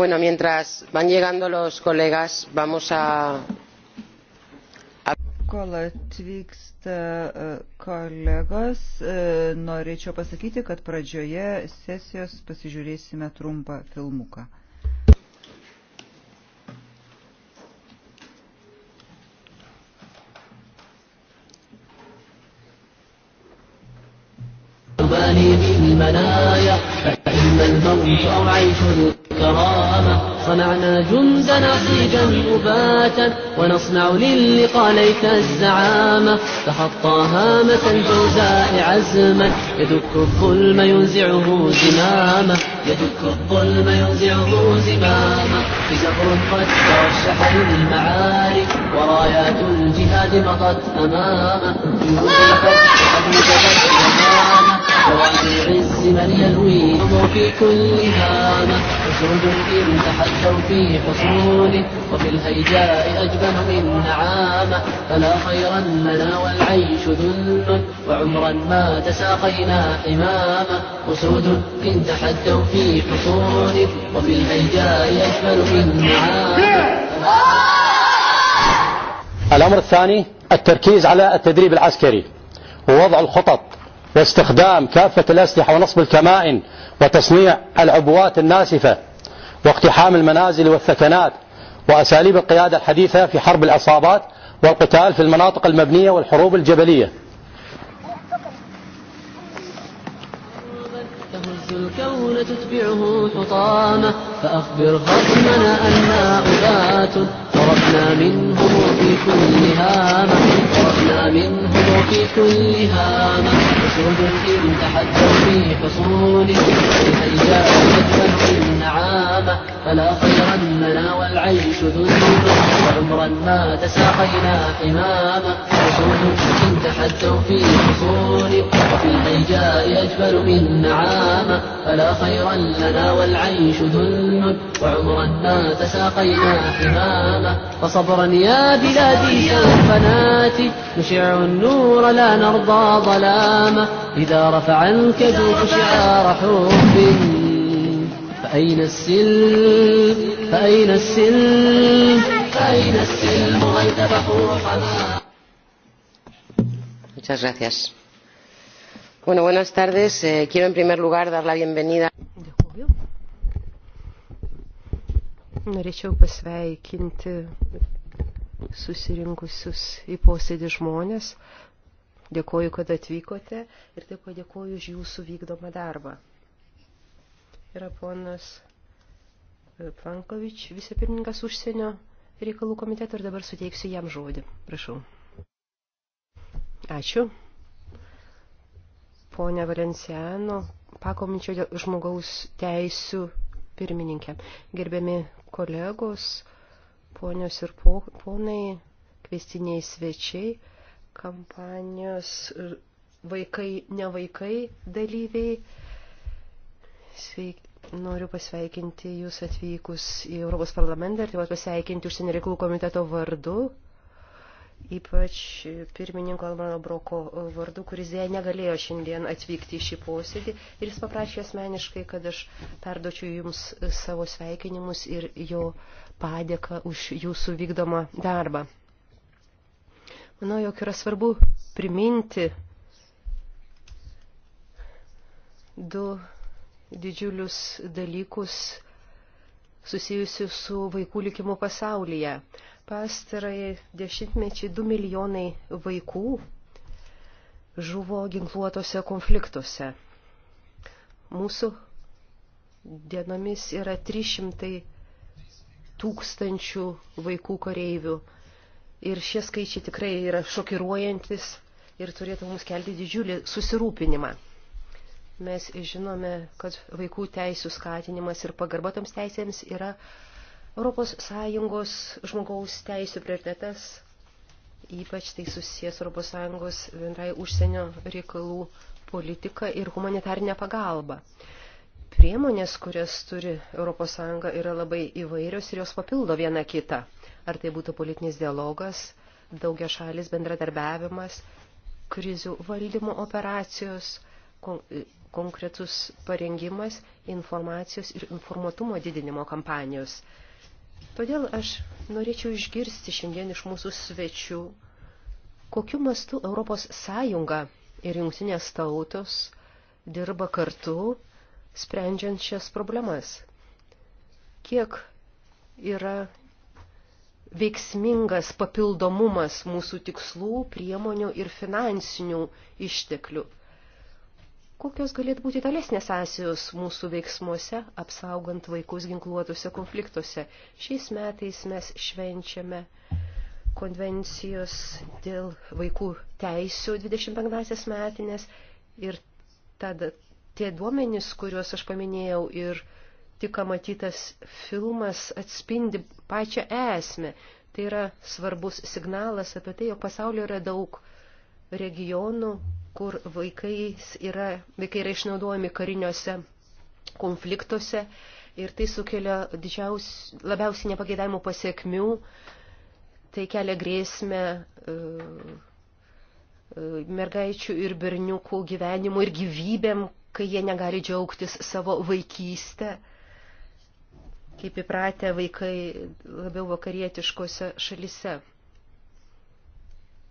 Bueno, mientras van llegando los colegas, vamos a. a... Kol atvyksta e, kolegos, e, norėčiau pasakyti, kad pradžioje sesijos pasižiūrėsime trumpą filmuką. ثلجا مباتا ونصنع للقى ليت الزعامة فحط هامة الجوزاء عزما يدك الظلم ينزعه زماما يدك الظلم ينزعه زماما بزهر قد ترشح للمعارك ورايات الجهاد مضت أمامه جهود قد مضت أمامه ذروة العز من يلويهم في كل هامة أسود إن تحلوا في حصول وفي الهيجاء أجبن من نعامة فلا خيرا لنا والعيش ذل وعمرا ما تساقينا حماما أسود إن تحدوا في حصول وفي الهيجاء أجبن من نعامة الأمر الثاني التركيز على التدريب العسكري ووضع الخطط واستخدام كافة الأسلحة ونصب الكمائن وتصنيع العبوات الناسفة واقتحام المنازل والثكنات وأساليب القيادة الحديثة في حرب العصابات والقتال في المناطق المبنية والحروب الجبلية الكون تتبعه حطامة فأخبر خصمنا أنا أبات وصرفنا منه في كل هامة وصرفنا منه في كل هامة سجد إن تحدوا في حصوله لكي جاءت النعامة فلا خيرا لنا والعيش ذنوبا وعمرا ما تساقينا حماما حصول إن تحدوا في حصوله وفي الهيجاء أجمل من نعامة فلا خيرا لنا والعيش ذن وعمرا ما تساقينا حماما وصبرا يا بلادي سوفناتي نشع النور لا نرضى ظلاما إذا رفع الكذوب شعار حب فأين السلم فأين السلم فأين السلم غير بحوحنا Muchas gracias. Bueno, buenas tardes. Eh, quiero en primer lugar dar la bienvenida. Norėčiau pasveikinti susirinkusius į posėdį žmonės. Dėkoju, kad atvykote ir taip pat dėkoju už jūsų vykdomą darbą. Yra ponas Plankovič, vicepirmininkas užsienio reikalų komiteto ir dabar suteiksiu jam žodį. Prašau. Ačiū. Pone Valenciano, pakominčio žmogaus teisų pirmininkė. Gerbiami kolegos, ponios ir ponai, kvestiniai svečiai, kampanijos vaikai, ne vaikai dalyviai. Sveiki. Noriu pasveikinti Jūs atvykus į Europos parlamentą ir taip pat pasveikinti užsienio reikalų komiteto vardu ypač pirmininko Almano Broko vardu, kuris dėja negalėjo šiandien atvykti į šį posėdį. Ir jis paprašė asmeniškai, kad aš perdočiau jums savo sveikinimus ir jo padėką už jūsų vykdomą darbą. Manau, jog yra svarbu priminti du didžiulius dalykus susijusius su vaikų likimu pasaulyje pastarąjį dešimtmečiai 2 milijonai vaikų žuvo ginkluotose konfliktuose. Mūsų dienomis yra 300 tūkstančių vaikų kareivių. Ir šie skaičiai tikrai yra šokiruojantis ir turėtų mums kelti didžiulį susirūpinimą. Mes žinome, kad vaikų teisų skatinimas ir pagarba toms teisėms yra ES žmogaus teisų prioritetas, ypač tai susijęs ES bendrai užsienio reikalų politika ir humanitarinė pagalba. Priemonės, kurias turi ES, yra labai įvairios ir jos papildo viena kitą. Ar tai būtų politinis dialogas, daugia šalis bendradarbiavimas, krizių valdymo operacijos, kon konkretus parengimas, informacijos ir informuotumo didinimo kampanijos. Todėl aš norėčiau išgirsti šiandien iš mūsų svečių, kokiu mastu Europos Sąjunga ir jungtinės tautos dirba kartu, sprendžiant šias problemas. Kiek yra veiksmingas papildomumas mūsų tikslų, priemonių ir finansinių išteklių Kokios galėtų būti tolesnės sąsijos mūsų veiksmuose, apsaugant vaikus ginkluotose konfliktuose? Šiais metais mes švenčiame konvencijos dėl vaikų teisių 25-asias metinės ir tada tie duomenys, kuriuos aš paminėjau ir tik matytas filmas atspindi pačią esmę. Tai yra svarbus signalas apie tai, jog pasaulio yra daug regionų, kur vaikais yra, vaikai yra išnaudojami kariniuose konfliktuose ir tai sukelia didžiaus, labiausiai nepageidavimų pasiekmių, tai kelia grėsmę e, e, mergaičių ir berniukų gyvenimu ir gyvybėm, kai jie negali džiaugtis savo vaikystę, kaip įpratę vaikai labiau vakarietiškose šalise.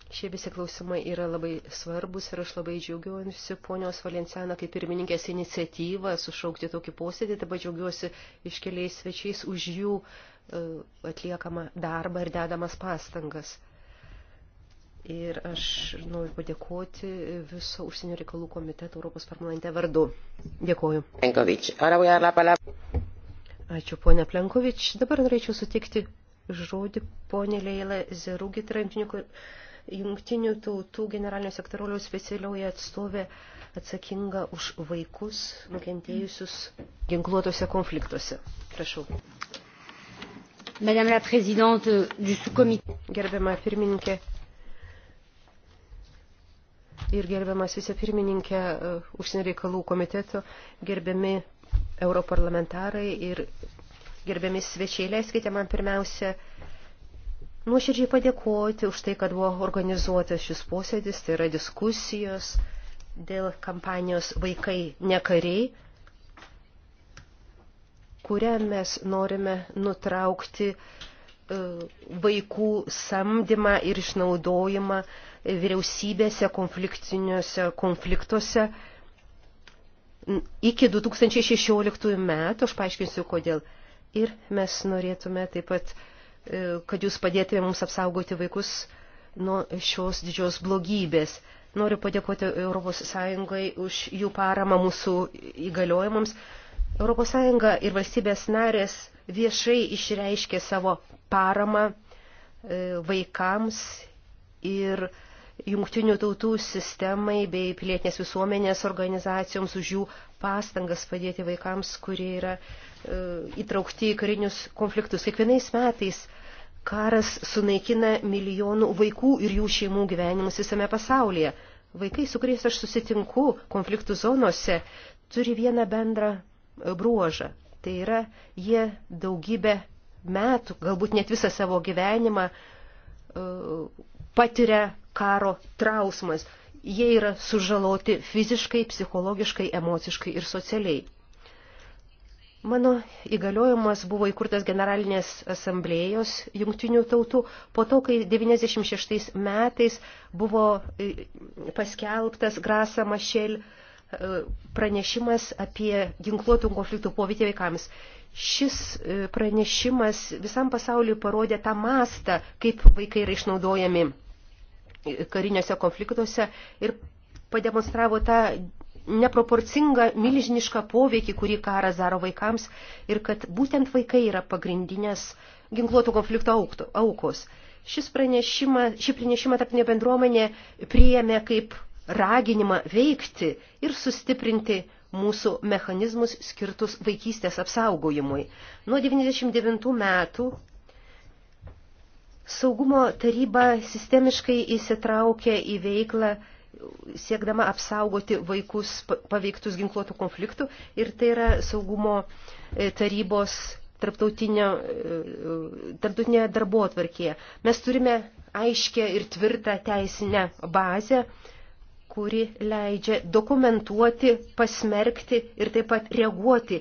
Šie visi klausimai yra labai svarbus ir aš labai džiaugiuosi ponios Valenciana kaip pirmininkės iniciatyvą sušaukti tokį posėdį, taip pat džiaugiuosi iškeliais svečiais už jų e, atliekamą darbą ir dedamas pastangas. Ir aš noriu padėkoti viso užsienio reikalų komiteto Europos parlamente vardu. Dėkoju. Ačiū, ponia Plenkovič. Dabar norėčiau sutikti žodį ponė Leila Zerūgi, trankininkų tai jungtinių tautų generalinio sektoriaus specialioji atstovė atsakinga už vaikus nukentėjusius ginkluotose konfliktuose. Prašau. Madame la Présidente du sous-comité. Gerbiama pirmininkė ir gerbiamas vicepirmininkė uh, užsienio reikalų komiteto, gerbiami europarlamentarai ir gerbiami svečiai, leiskite man pirmiausia nuoširdžiai padėkoti už tai, kad buvo organizuotas šis posėdis, tai yra diskusijos dėl kampanijos Vaikai nekariai, kurią mes norime nutraukti e, vaikų samdymą ir išnaudojimą vyriausybėse, konfliktiniuose konfliktuose iki 2016 metų, aš paaiškinsiu kodėl. Ir mes norėtume taip pat E, kad jūs padėtume mums apsaugoti vaikus nuo šios didžios blogybės. Noriu padėkoti ES už jų paramą mūsų įgaliojimams. ES ir valstybės narės viešai išreiškė savo paramą e, vaikams ir jungtinių tautų sistemai bei pilietinės visuomenės organizacijoms už jų pastangas padėti vaikams, kurie yra e, įtraukti į karinius konfliktus. Kiekvienais metais Karas sunaikina milijonų vaikų ir jų šeimų gyvenimus visame pasaulyje. Vaikai, su kuriais aš susitinku konfliktų zonose, turi vieną bendrą e, bruožą. Tai yra, jie daugybę metų, galbūt net visą savo gyvenimą e, patiria karo trausmas. Jie yra sužaloti fiziškai, psichologiškai, emociškai ir socialiai. Mano įgaliojimas buvo įkurtas Generalinės asamblėjos jungtinių tautų po to, kai 96 metais buvo e, paskelbtas Grasa Mašel e, pranešimas apie ginkluotų konfliktų poveikį vaikams. Šis e, pranešimas visam pasauliu parodė tą mastą, kaip vaikai yra išnaudojami kariniuose konfliktuose ir pademonstravo tą neproporcingą milžinišką poveikį, kurį karas daro vaikams ir kad būtent vaikai yra pagrindinės ginkluoto konflikto aukos. Šis pranešimą, šį pranešimą tarpinė bendruomenė priėmė kaip raginimą veikti ir sustiprinti mūsų mechanizmus skirtus vaikystės apsaugojimui. Nuo 99 metų Saugumo taryba sistemiškai įsitraukė į veiklą siekdama apsaugoti vaikus paveiktus ginkluotų konfliktų ir tai yra saugumo e, tarybos e, tarptautinėje darbo atvarkėje. Mes turime aiškę ir tvirtą teisinę bazę, kuri leidžia dokumentuoti, pasmerkti ir taip pat reaguoti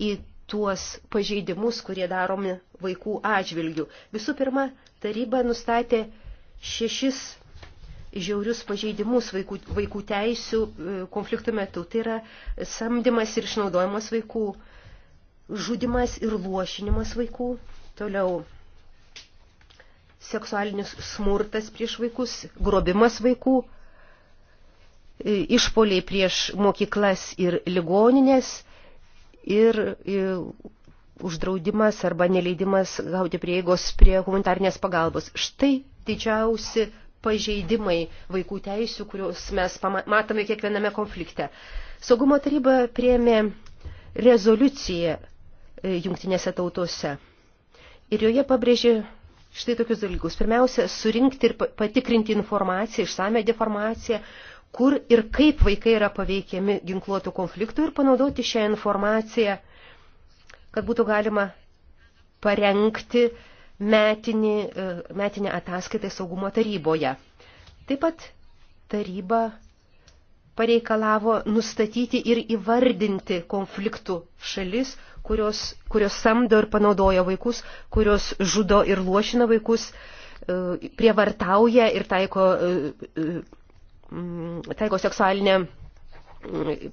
į tuos pažeidimus, kurie daromi vaikų atžvilgių. Visų pirma, taryba nustatė šešis žiaurius pažeidimus vaikų, vaikų teisių e, konfliktų metu. Tai yra samdymas ir išnaudojimas vaikų, žudimas ir lošinimas vaikų, toliau seksualinis smurtas prieš vaikus, grobimas vaikų, e, išpoliai prieš mokyklas ir ligoninės ir, ir e, uždraudimas arba neleidimas gauti prieigos prie humanitarnės pagalbos. Štai didžiausi pažeidimai vaikų teisių, kuriuos mes matome kiekviename konflikte. Saugumo taryba priemė rezoliuciją e, jungtinėse tautose. Ir joje pabrėžė štai tokius dalykus. Pirmiausia, surinkti ir patikrinti informaciją, išsame deformaciją, kur ir kaip vaikai yra paveikiami ginkluotų konfliktų ir panaudoti šią informaciją, kad būtų galima parengti uh, metinį, e, metinę ataskaitą saugumo taryboje. Taip pat taryba pareikalavo nustatyti ir įvardinti konfliktų šalis, kurios, kurios samdo ir panaudoja vaikus, kurios žudo ir lošina vaikus, e, prievartauja ir taiko, e, taiko seksualinę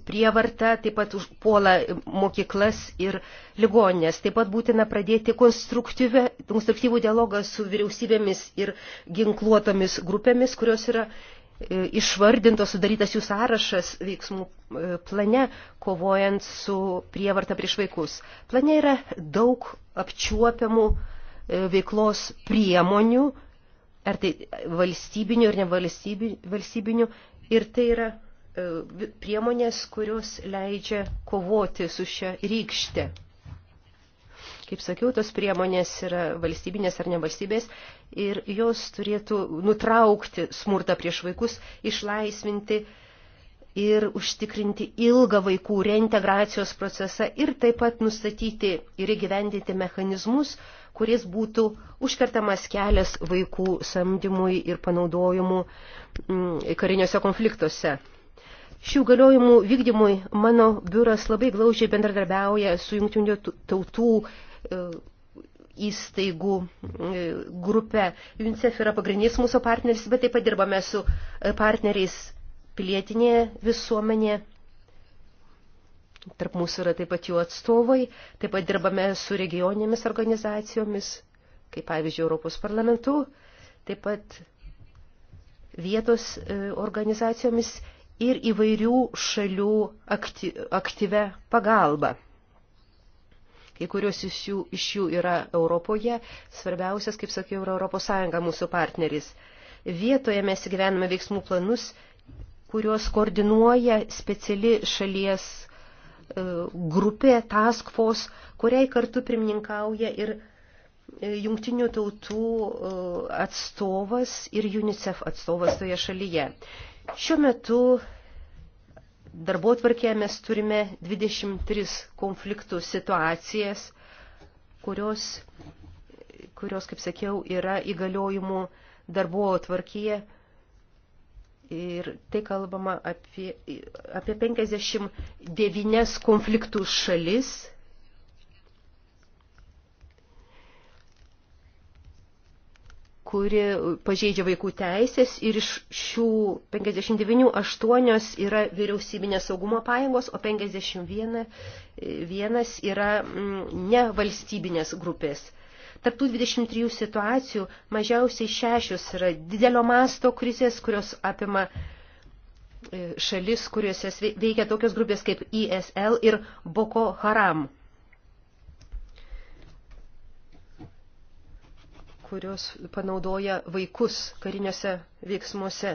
prievarta, taip pat puola mokyklas ir ligoninės. Taip pat būtina pradėti konstruktyvų dialogą su vyriausybėmis ir ginkluotomis grupėmis, kurios yra e, išvardintos, sudarytas jų sąrašas veiksmų e, plane, kovojant su prievarta prieš vaikus. Plane yra daug apčiuopiamų e, veiklos priemonių, ar tai valstybinių ir nevalstybinių, ir tai yra E, priemonės, kurios leidžia kovoti su šia rykšte. Kaip sakiau, tos priemonės yra valstybinės ar nevalstybės ir jos turėtų nutraukti smurtą prieš vaikus, išlaisvinti ir užtikrinti ilgą vaikų reintegracijos procesą ir taip pat nustatyti ir įgyvendinti mechanizmus, kuris būtų užkertamas kelias vaikų samdymui ir panaudojimu mm, kariniuose konfliktuose. Šių galiojimų vykdymui mano biuras labai glaužiai bendradarbiauja su jungtinių tautų e, įstaigų e, grupe. UNICEF yra pagrindinis mūsų partneris, bet taip pat dirbame su e, partneriais pilietinėje visuomenėje. Tarp mūsų yra taip pat jų atstovai, taip pat dirbame su regioninėmis organizacijomis, kaip pavyzdžiui Europos parlamentu, taip pat vietos organizacijomis ir įvairių šalių akty, aktyvę pagalbą. Kai kurios iš jų, iš jų yra Europoje, svarbiausias, kaip sakiau, yra Europos Sąjunga mūsų partneris. Vietoje mes įgyvename veiksmų planus, kuriuos koordinuoja speciali šalies e, grupė Task Force, kuriai kartu pirmininkauja ir e, jungtinių tautų e, atstovas ir UNICEF atstovas toje šalyje. Šiuo metu darbo tvarkėje mes turime 23 konfliktų situacijas, kurios, kurios kaip sakiau, yra įgaliojimų darbo tvarkyje. Ir tai kalbama apie, apie 59 konfliktų šalis kuri pažeidžia vaikų teisės ir iš šių 59 8 yra vyriausybinės saugumo pajėgos, o 51 vienas yra mm, nevalstybinės grupės. Tarptų 23 situacijų mažiausiai šešios yra didelio masto krizės, kurios apima e, šalis, kuriuose veikia tokios grupės kaip ISL ir Boko Haram. kurios panaudoja vaikus kariniuose veiksmuose.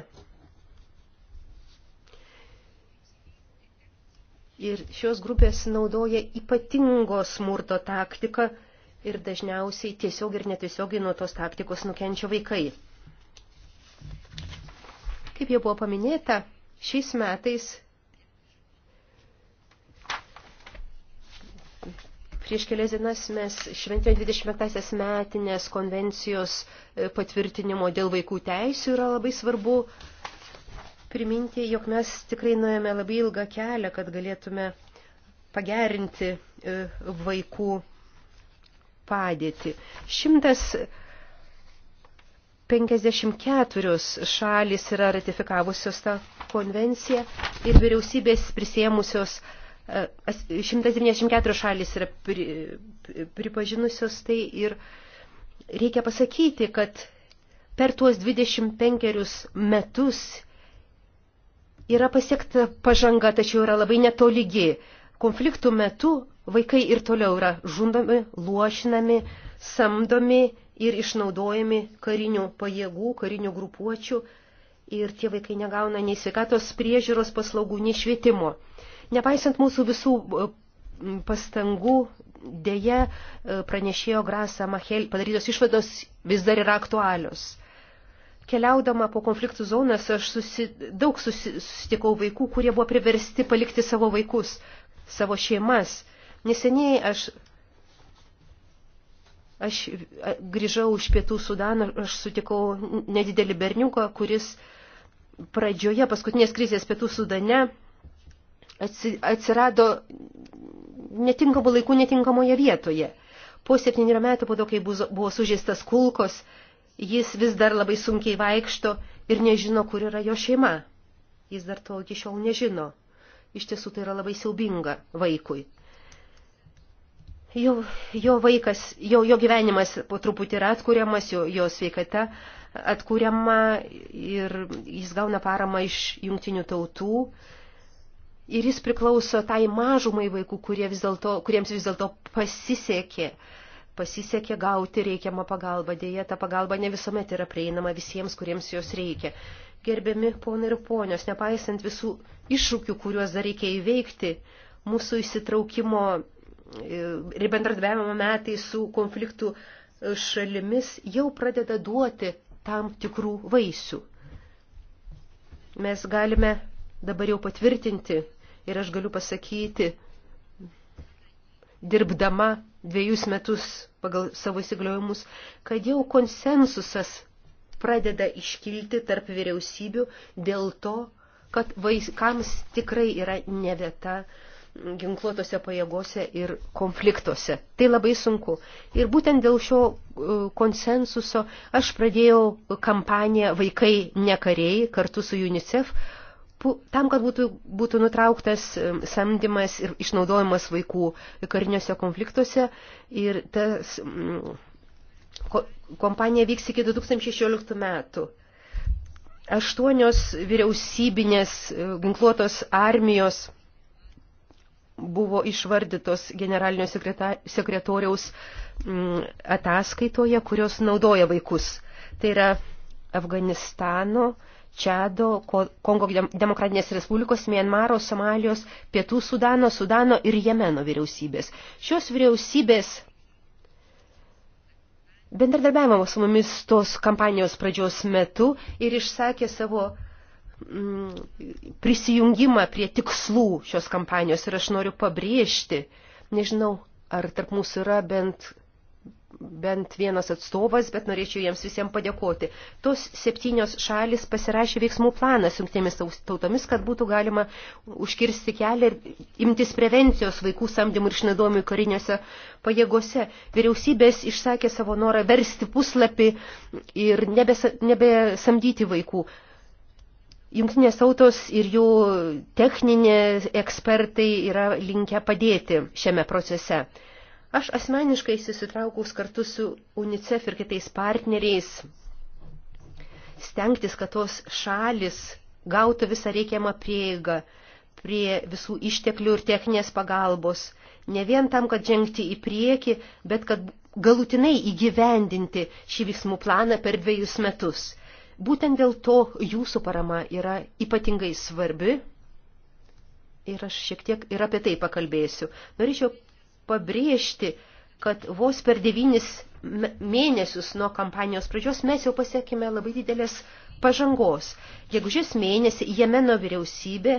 Ir šios grupės naudoja ypatingo smurto taktiką ir dažniausiai tiesiog ir netiesiogiai nuo tos taktikos nukenčia vaikai. Kaip jau buvo paminėta, šiais metais Prieš kelias dienas mes šventėme 25-asias metinės konvencijos e, patvirtinimo dėl vaikų teisų yra labai svarbu priminti, jog mes tikrai nuėjome labai ilgą kelią, kad galėtume pagerinti e, vaikų padėtį. 154 šalis yra ratifikavusios tą konvenciją ir vyriausybės prisėmusios uh, 194 šalis yra pri, pripažinusios tai ir reikia pasakyti, kad per tuos 25 metus yra pasiekta pažanga, tačiau yra labai netolygi. Konfliktų metu vaikai ir toliau yra žundami, luošinami, samdomi ir išnaudojami karinių pajėgų, karinių grupuočių ir tie vaikai negauna nei sveikatos priežiūros paslaugų, nei švietimo. Nepaisant mūsų visų e, pastangų, dėje e, pranešėjo Grasa Machel padarytos išvados vis dar yra aktualios. Keliaudama po konfliktų zonas, aš susi, daug susi, susitikau vaikų, kurie buvo priversti palikti savo vaikus, savo šeimas. Neseniai aš, aš grįžau iš pietų Sudano, aš sutikau nedidelį berniuką, kuris pradžioje paskutinės krizės pietų Sudane atsirado netinkamų laikų netinkamoje vietoje. Po septynių metų, po to, kai buvo sužeistas kulkos, jis vis dar labai sunkiai vaikšto ir nežino, kur yra jo šeima. Jis dar to iki šiol nežino. Iš tiesų tai yra labai siaubinga vaikui. Jo, jo vaikas, jo, jo gyvenimas po truputį yra atkuriamas, jo, jo sveikata atkuriama ir jis gauna paramą iš jungtinių tautų. Uh, ir jis priklauso tai mažumai vaikų, kurie vis dėlto, kuriems vis dėlto pasisekė, pasisekė gauti reikiamą pagalbą. Dėja, ta pagalba ne visuomet yra prieinama visiems, kuriems jos reikia. Gerbiami ponai ir ponios, nepaisant visų iššūkių, kuriuos dar reikia įveikti, mūsų įsitraukimo e, ir bendradarbiavimo metai su konfliktų e, šalimis jau pradeda duoti tam tikrų vaisių. Mes galime dabar jau patvirtinti, Ir aš galiu pasakyti, dirbdama dviejus metus pagal savo įsigaliojimus, kad jau konsensusas pradeda iškilti tarp vyriausybių dėl to, kad vaikams tikrai yra ne vieta ginkluotose pajėgose ir konfliktuose. Tai labai sunku. Ir būtent dėl šio e, konsensuso aš pradėjau kampaniją Vaikai ne kariai kartu su UNICEF, tam, kad būtų, būtų nutrauktas samdymas ir išnaudojimas vaikų kariniuose konfliktuose. Ir tas ko, kompanija vyks iki 2016 metų. Aštuonios vyriausybinės e, ginkluotos armijos buvo išvardytos generalinio sekretoriaus ataskaitoje, kurios naudoja vaikus. Tai yra Afganistano, Čado, Kongo Demokratinės Respublikos, Mienmaro, Somalijos, Pietų Sudano, Sudano ir Jemeno vyriausybės. Šios vyriausybės bendradarbiavimo su mumis tos kampanijos pradžios metu ir išsakė savo mm, prisijungimą prie tikslų šios kampanijos. Ir aš noriu pabrėžti, nežinau, ar tarp mūsų yra bent bent vienas atstovas, bet norėčiau jiems visiems padėkoti. Tos septynios šalis pasirašė veiksmų planą su jungtėmis tautomis, kad būtų galima užkirsti kelią ir imtis prevencijos vaikų samdymų ir išnaudojimų kariniuose pajėgose. Vyriausybės išsakė savo norą versti puslapį ir nebesamdyti vaikų. Jungtinės tautos ir jų techninė ekspertai yra linkę padėti šiame procese. Aš asmeniškai susitraukus kartu su UNICEF ir kitais partneriais stengtis, kad tos šalis gautų visą reikiamą prieigą prie visų išteklių ir techninės pagalbos, ne vien tam, kad žengti į priekį, bet kad galutinai įgyvendinti šį veiksmų planą per dviejus metus. Būtent dėl to jūsų parama yra ypatingai svarbi ir aš šiek tiek ir apie tai pakalbėsiu. Norėčiau pabrėžti, kad vos per devynis mėnesius nuo kampanijos pradžios mes jau pasiekime labai didelės pažangos. Gegužės mėnesį Jemeno vyriausybė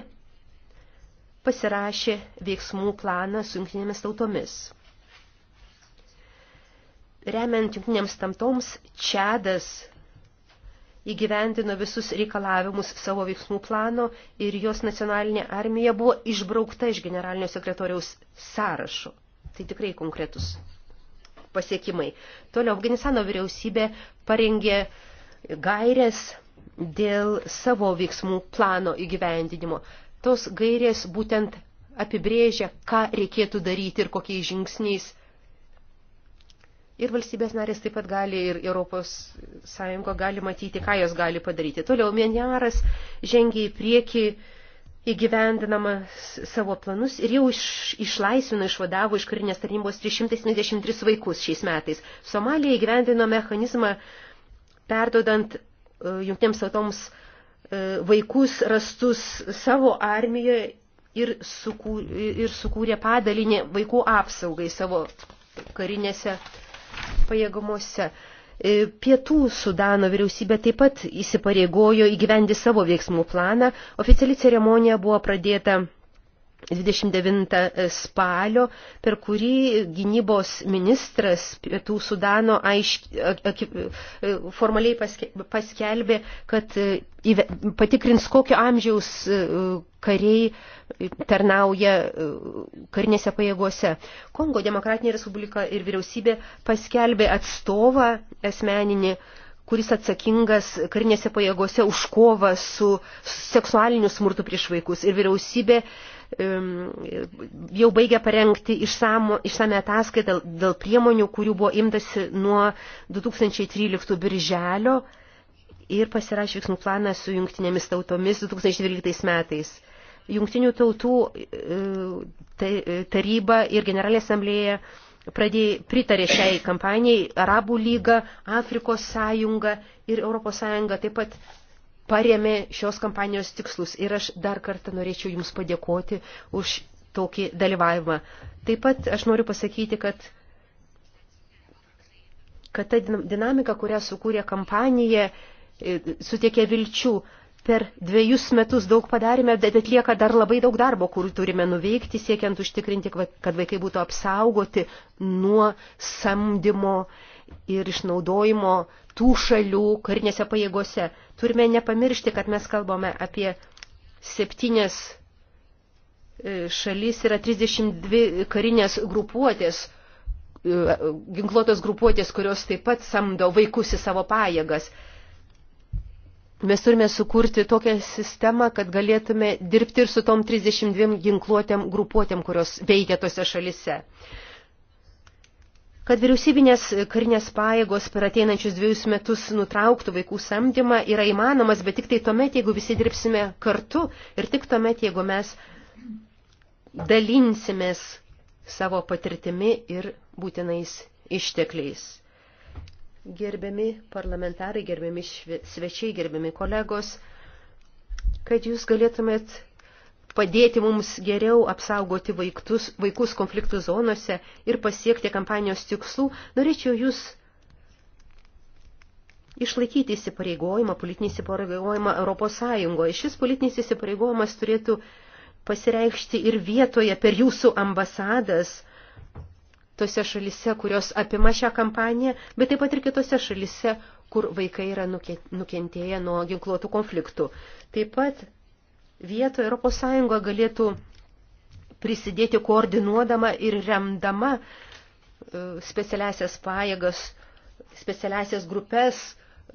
pasirašė veiksmų planą su jungtinėmis tautomis. Remiant jungtinėms tamtoms, Čedas įgyvendino visus reikalavimus savo veiksmų plano ir jos nacionalinė armija buvo išbraukta iš generalinio sekretoriaus sąrašo. Tai tikrai konkretus pasiekimai. Toliau Afganistano vyriausybė parengė gairės dėl savo veiksmų plano įgyvendinimo. Tos gairės būtent apibrėžia, ką reikėtų daryti ir kokiais žingsniais. Ir valstybės narės taip pat gali ir Europos Sąjungo gali matyti, ką jos gali padaryti. Toliau Mienjaras žengia į priekį įgyvendinamas savo planus ir jau iš, išlaisvino, išvadavo iš karinės tarnybos 373 vaikus šiais metais. Somalija įgyvendino mechanizmą perdodant uh, e, jungtiems tautoms uh, vaikus rastus savo armijoje ir, sukū, ir sukūrė padalinį vaikų apsaugai savo karinėse pajėgumuose. Uh, E, pietų Sudano vyriausybė taip pat įsipareigojo įgyvendi savo veiksmų planą. Oficiali ceremonija buvo pradėta 29 spalio, per kurį gynybos ministras Pietų Sudano aišk, ak, formaliai paske, paskelbė, kad e, patikrins, kokio amžiaus e, kariai tarnauja e, karinėse pajėgose. Kongo Demokratinė Respublika ir vyriausybė paskelbė atstovą asmeninį kuris atsakingas karinėse pajėgose už kovą su seksualiniu smurtu prieš vaikus. Ir vyriausybė uh, jau baigia parengti išsame ataskaitą dėl priemonių, kurių buvo imtasi nuo 2013 birželio ir pasirašė veiksmų planą su jungtinėmis tautomis 2012 metais. Jungtinių tautų e, e, taryba ir generalinė asamblėje pradėjai, pritarė šiai kampanijai Arabų lyga, Afrikos sąjunga ir Europos sąjunga taip pat paremė šios kampanijos tikslus ir aš dar kartą norėčiau Jums padėkoti už tokį dalyvavimą. Taip pat aš noriu pasakyti, kad, kad ta dinamika, kurią sukūrė kampanija, e, sutiekė vilčių. Per dviejus metus daug padarėme, bet lieka dar labai daug darbo, kurį turime nuveikti, siekiant užtikrinti, kad vaikai būtų apsaugoti nuo samdymo ir išnaudojimo tų šalių karinėse pajėgose. Turime nepamiršti, kad mes kalbame apie septynės e, šalis, yra 32 karinės grupuotės, e, ginkluotos grupuotės, kurios taip pat samdo vaikus į savo pajėgas. Mes turime sukurti tokią sistemą, kad galėtume dirbti ir su tom 32 ginkluotėm grupuotėm, kurios veikia tose šalise kad vyriausybinės karinės pajėgos per ateinančius dviejus metus nutrauktų vaikų samdymą yra įmanomas, bet tik tai tuomet, jeigu visi dirbsime kartu ir tik tuomet, jeigu mes dalinsimės savo patirtimi ir būtinais ištekliais. Gerbiami parlamentarai, gerbiami svečiai, gerbiami kolegos, kad jūs galėtumėt padėti mums geriau apsaugoti vaiktus, vaikus konfliktų zonose ir pasiekti kampanijos tikslų, norėčiau jūs išlaikyti įsipareigojimą, politinį įsipareigojimą Europos Sąjungoje. Šis politinis įsipareigojimas turėtų pasireikšti ir vietoje per jūsų ambasadas tose šalise, kurios apima šią kampaniją, bet taip pat ir kitose šalise, kur vaikai yra nukentėję nuo ginkluotų konfliktų. Taip pat vietoje ES galėtų prisidėti koordinuodama ir remdama e, specialiasias pajėgas, specialiasias grupės,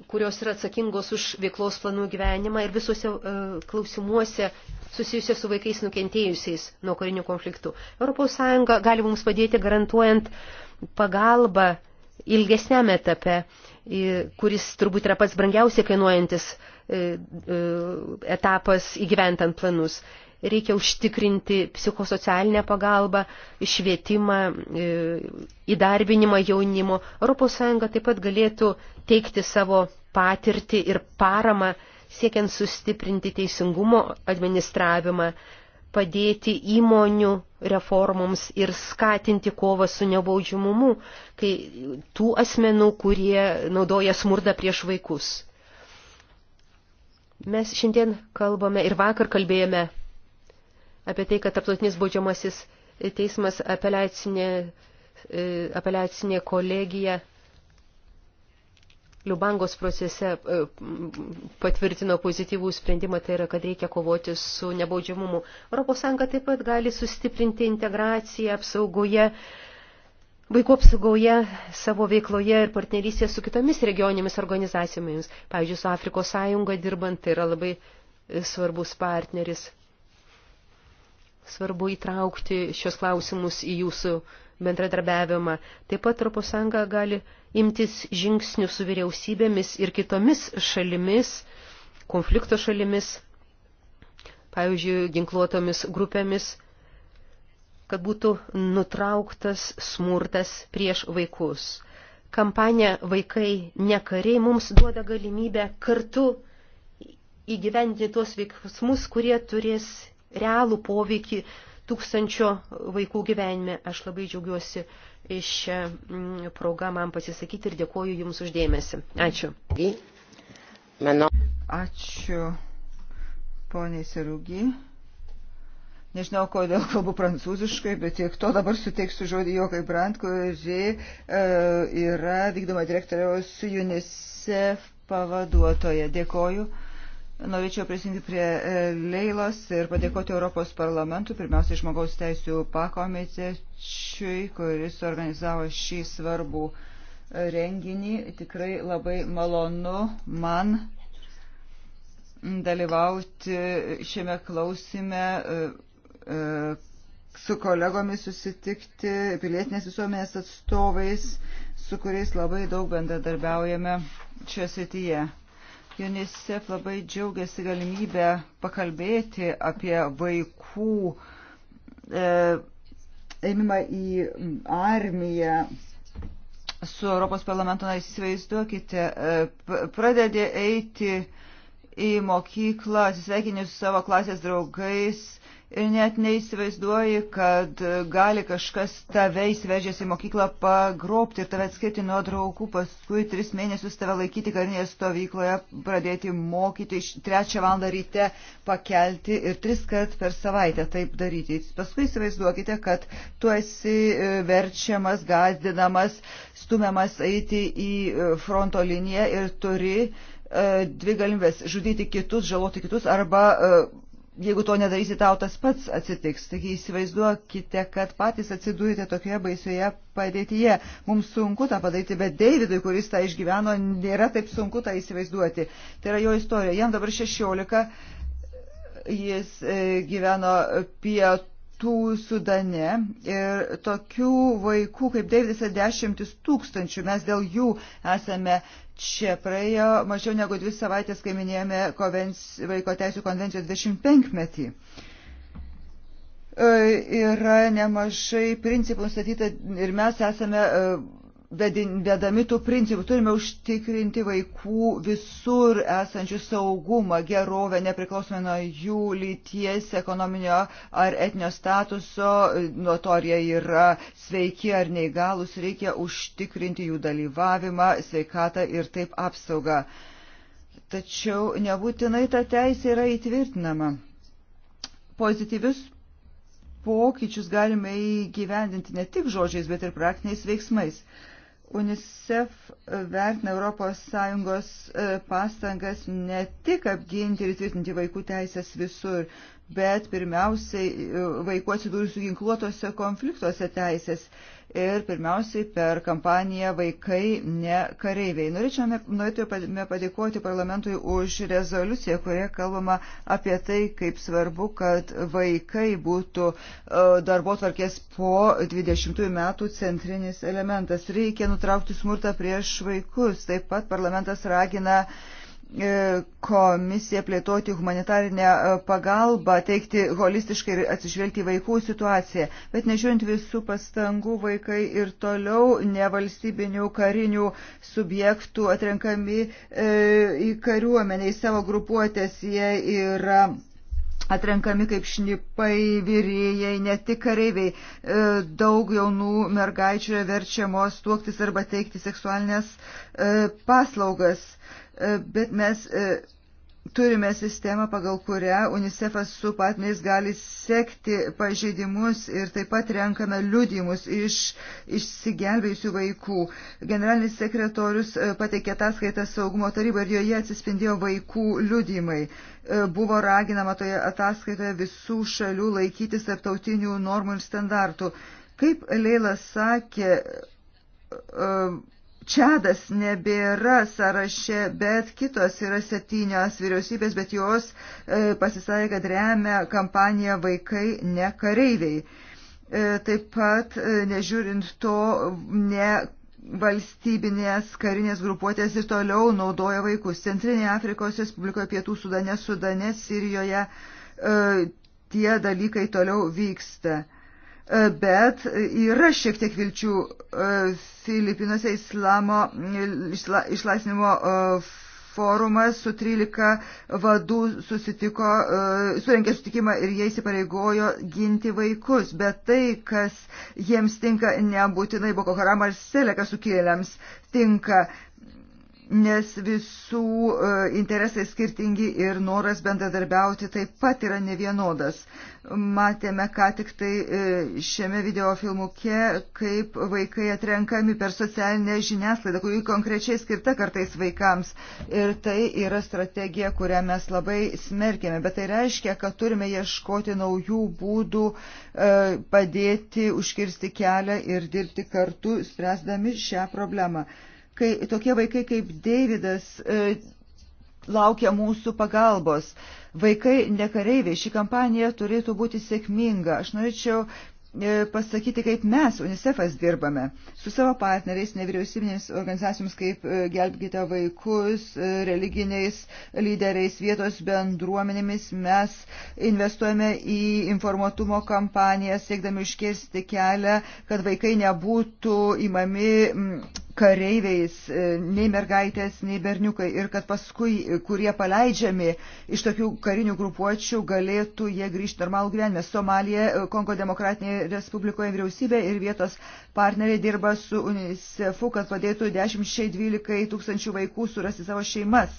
kurios yra atsakingos už veiklos planų gyvenimą ir visuose e, klausimuose susijusia su vaikais nukentėjusiais nuo karinių konfliktų. ES gali mums padėti garantuojant pagalbą ilgesniam etape, kuris turbūt yra pats brangiausiai kainuojantis E, e, etapas įgyventant planus. Reikia užtikrinti psichosocialinę pagalbą, švietimą, e, įdarbinimą jaunimo. ES taip pat galėtų teikti savo patirtį ir paramą siekiant sustiprinti teisingumo administravimą, padėti įmonių reformoms ir skatinti kovą su nebaudžiamumu, kai tų asmenų, kurie naudoja smurdą prieš vaikus. Mes šiandien kalbame ir vakar kalbėjome apie tai, kad tarptautinis baudžiamasis teismas apeliacinė, e, apeliacinė kolegija Liubangos procese e, patvirtino pozityvų sprendimą, tai yra, kad reikia kovoti su nebaudžiamumu. ES taip pat gali sustiprinti integraciją apsaugoje vaikų apsaugoje savo veikloje ir partnerystėje su kitomis regioninėmis organizacijomis. Pavyzdžiui, su Afrikos sąjunga dirbant tai yra labai e, svarbus partneris. Svarbu įtraukti šios klausimus į jūsų bendradarbiavimą. Taip pat ES gali imtis žingsnių su vyriausybėmis ir kitomis šalimis, konflikto šalimis, pavyzdžiui, ginkluotomis grupėmis kad būtų nutrauktas smurtas prieš vaikus. Kampanija Vaikai nekariai mums duoda galimybę kartu įgyventi tuos veiksmus, kurie turės realų poveikį tūkstančio vaikų gyvenime. Aš labai džiaugiuosi iš mm, progą man pasisakyti ir dėkoju Jums uždėmesi. Ačiū. Ačiū, poniai Serūgi. Nežinau, kodėl kalbu prancūziškai, bet tiek to dabar suteiksiu žodį Jokai Brand, kuri e, yra vykdoma direktoriaus UNICEF pavaduotoja. Dėkoju. Norėčiau prisijungti prie e, Leilos ir padėkoti Europos parlamentui, pirmiausiai žmogaus teisų pakomitečiui, kuris organizavo šį svarbų e, renginį. Tikrai labai malonu man dalyvauti šiame klausime e, E, su kolegomis susitikti, pilietinės visuomenės atstovais, su kuriais labai daug bendradarbiaujame čia srityje. UNICEF labai džiaugiasi galimybę pakalbėti apie vaikų e, ėmimą į armiją su Europos parlamento nariais. Įsivaizduokite, e, pradedė eiti į mokyklą, atsisveikinti su savo klasės draugais, ir net neįsivaizduoji, kad gali kažkas tave įsivežęs į mokyklą pagrobti ir tave atskirti nuo draugų, paskui tris mėnesius tave laikyti karinėje stovykloje, pradėti mokyti, iš trečią valandą ryte pakelti ir tris kart per savaitę taip daryti. Paskui įsivaizduokite, kad tu esi e, verčiamas, gazdinamas, stumiamas eiti į e, fronto liniją ir turi e, dvi galimybės žudyti kitus, žaloti kitus arba uh, jeigu to nedarysi, tau tas pats atsitiks. Taigi įsivaizduokite, kad patys atsidūrite tokioje baisioje padėtyje. Mums sunku tą padaryti, bet Davidui, kuris tą išgyveno, nėra taip sunku tą įsivaizduoti. Tai yra jo istorija. Jam dabar 16, jis e, gyveno pietų sudane ir tokių vaikų kaip Davidas yra dešimtis tūkstančių. Mes dėl jų esame čia praėjo mažiau negu dvi savaitės, kai minėjome konvenci... vaiko teisų konvencijos 25-metį. E, yra nemažai principų nustatyta ir mes esame e, vedami tų principų. Turime užtikrinti vaikų visur esančių saugumą, gerovę, nepriklausomai nuo jų lyties, ekonominio ar etnio statuso, nuo to ar jie yra sveiki ar neįgalus, reikia užtikrinti jų dalyvavimą, sveikatą ir taip apsaugą. Tačiau nebūtinai ta teisė yra įtvirtinama. Pozityvius pokyčius galime įgyvendinti ne tik žodžiais, bet ir praktiniais veiksmais. UNICEF vertina ES e, pastangas ne tik apginti ir tvirtinti vaikų teisės visur, bet pirmiausiai e, vaikų atsidūrusių ginkluotose konfliktuose teisės. Uh, ir pirmiausiai per kampaniją Vaikai ne kareiviai. Norėčiau, norėtume padėkoti parlamentui už rezoliuciją, kurioje kalbama apie tai, kaip svarbu, kad vaikai būtų e, darbo tvarkės po 20 metų centrinis elementas. Reikia nutraukti smurtą prieš vaikus. Taip pat parlamentas ragina E, komisija plėtoti humanitarinę e, pagalbą, teikti holistiškai ir atsižvelgti į vaikų situaciją. Bet nežiūrint visų pastangų, vaikai ir toliau nevalstybinių karinių subjektų atrenkami e, į kariuomenę, į savo grupuotės jie yra. Atrenkami kaip šnipai, vyrėjai, ne tik kareiviai. E, daug jaunų mergaičių yra verčiamos tuoktis arba teikti seksualinės e, paslaugas. E, bet mes e, turime sistemą, pagal kurią UNICEF'as su partneriais gali sekti pažeidimus ir taip pat renkame liudimus iš išsigelbėjusių vaikų. Generalinis sekretorius e, pateikė ataskaitą saugumo tarybą ir joje atsispindėjo vaikų liudimai. E, buvo raginama toje ataskaitoje visų šalių laikytis tarptautinių normų ir standartų. Kaip Leila sakė, Čadas nebėra sąraše, bet kitos yra septynios vyriausybės, bet jos e, pasisakė, kad remia kampaniją vaikai ne kareiviai. E, taip pat, e, nežiūrint to, ne valstybinės karinės grupuotės ir toliau naudoja vaikus. Centrinėje Afrikos Respublikoje, Pietų Sudane, Sudane, Sirijoje e, tie dalykai toliau vyksta. E, bet yra šiek tiek vilčių e, Filipinuose islamo išlaisvinimo e, forumas su 13 vadų susitiko, e, surengė sutikimą ir jie įsipareigojo ginti vaikus, bet tai, kas jiems tinka, nebūtinai Boko Haram ar Seleka sukėlėms tinka nes visų e, interesai skirtingi ir noras bendradarbiauti taip pat yra nevienodas. Matėme, ką tik tai e, šiame videofilmuke, kaip vaikai atrenkami per socialinę žiniasklaidą, kuri konkrečiai skirta kartais vaikams. Ir tai yra strategija, kurią mes labai smerkėme. Bet tai reiškia, kad turime ieškoti naujų būdų e, padėti užkirsti kelią ir dirbti kartu, spręsdami šią problemą kai, tokie vaikai kaip Davidas e, laukia mūsų pagalbos. Vaikai nekareiviai, ši kampanija turėtų būti sėkminga. Aš norėčiau e, pasakyti, kaip mes, UNICEF'as, dirbame su savo partneriais, nevyriausybinėmis organizacijomis kaip e, Gelbkite vaikus, e, religiniais lyderiais, vietos bendruomenėmis mes investuojame į informuotumo kampaniją, siekdami iškirsti kelią, kad vaikai nebūtų įmami kareiviais, e, nei mergaitės, nei berniukai ir kad paskui, kurie paleidžiami iš tokių karinių grupuočių, galėtų jie grįžti normalų gyvenimą. Somalija, Kongo demokratinėje Respublikoje vyriausybė ir vietos partneriai dirba su UNICEF'u, kad padėtų 10-12 tūkstančių vaikų surasti savo šeimas.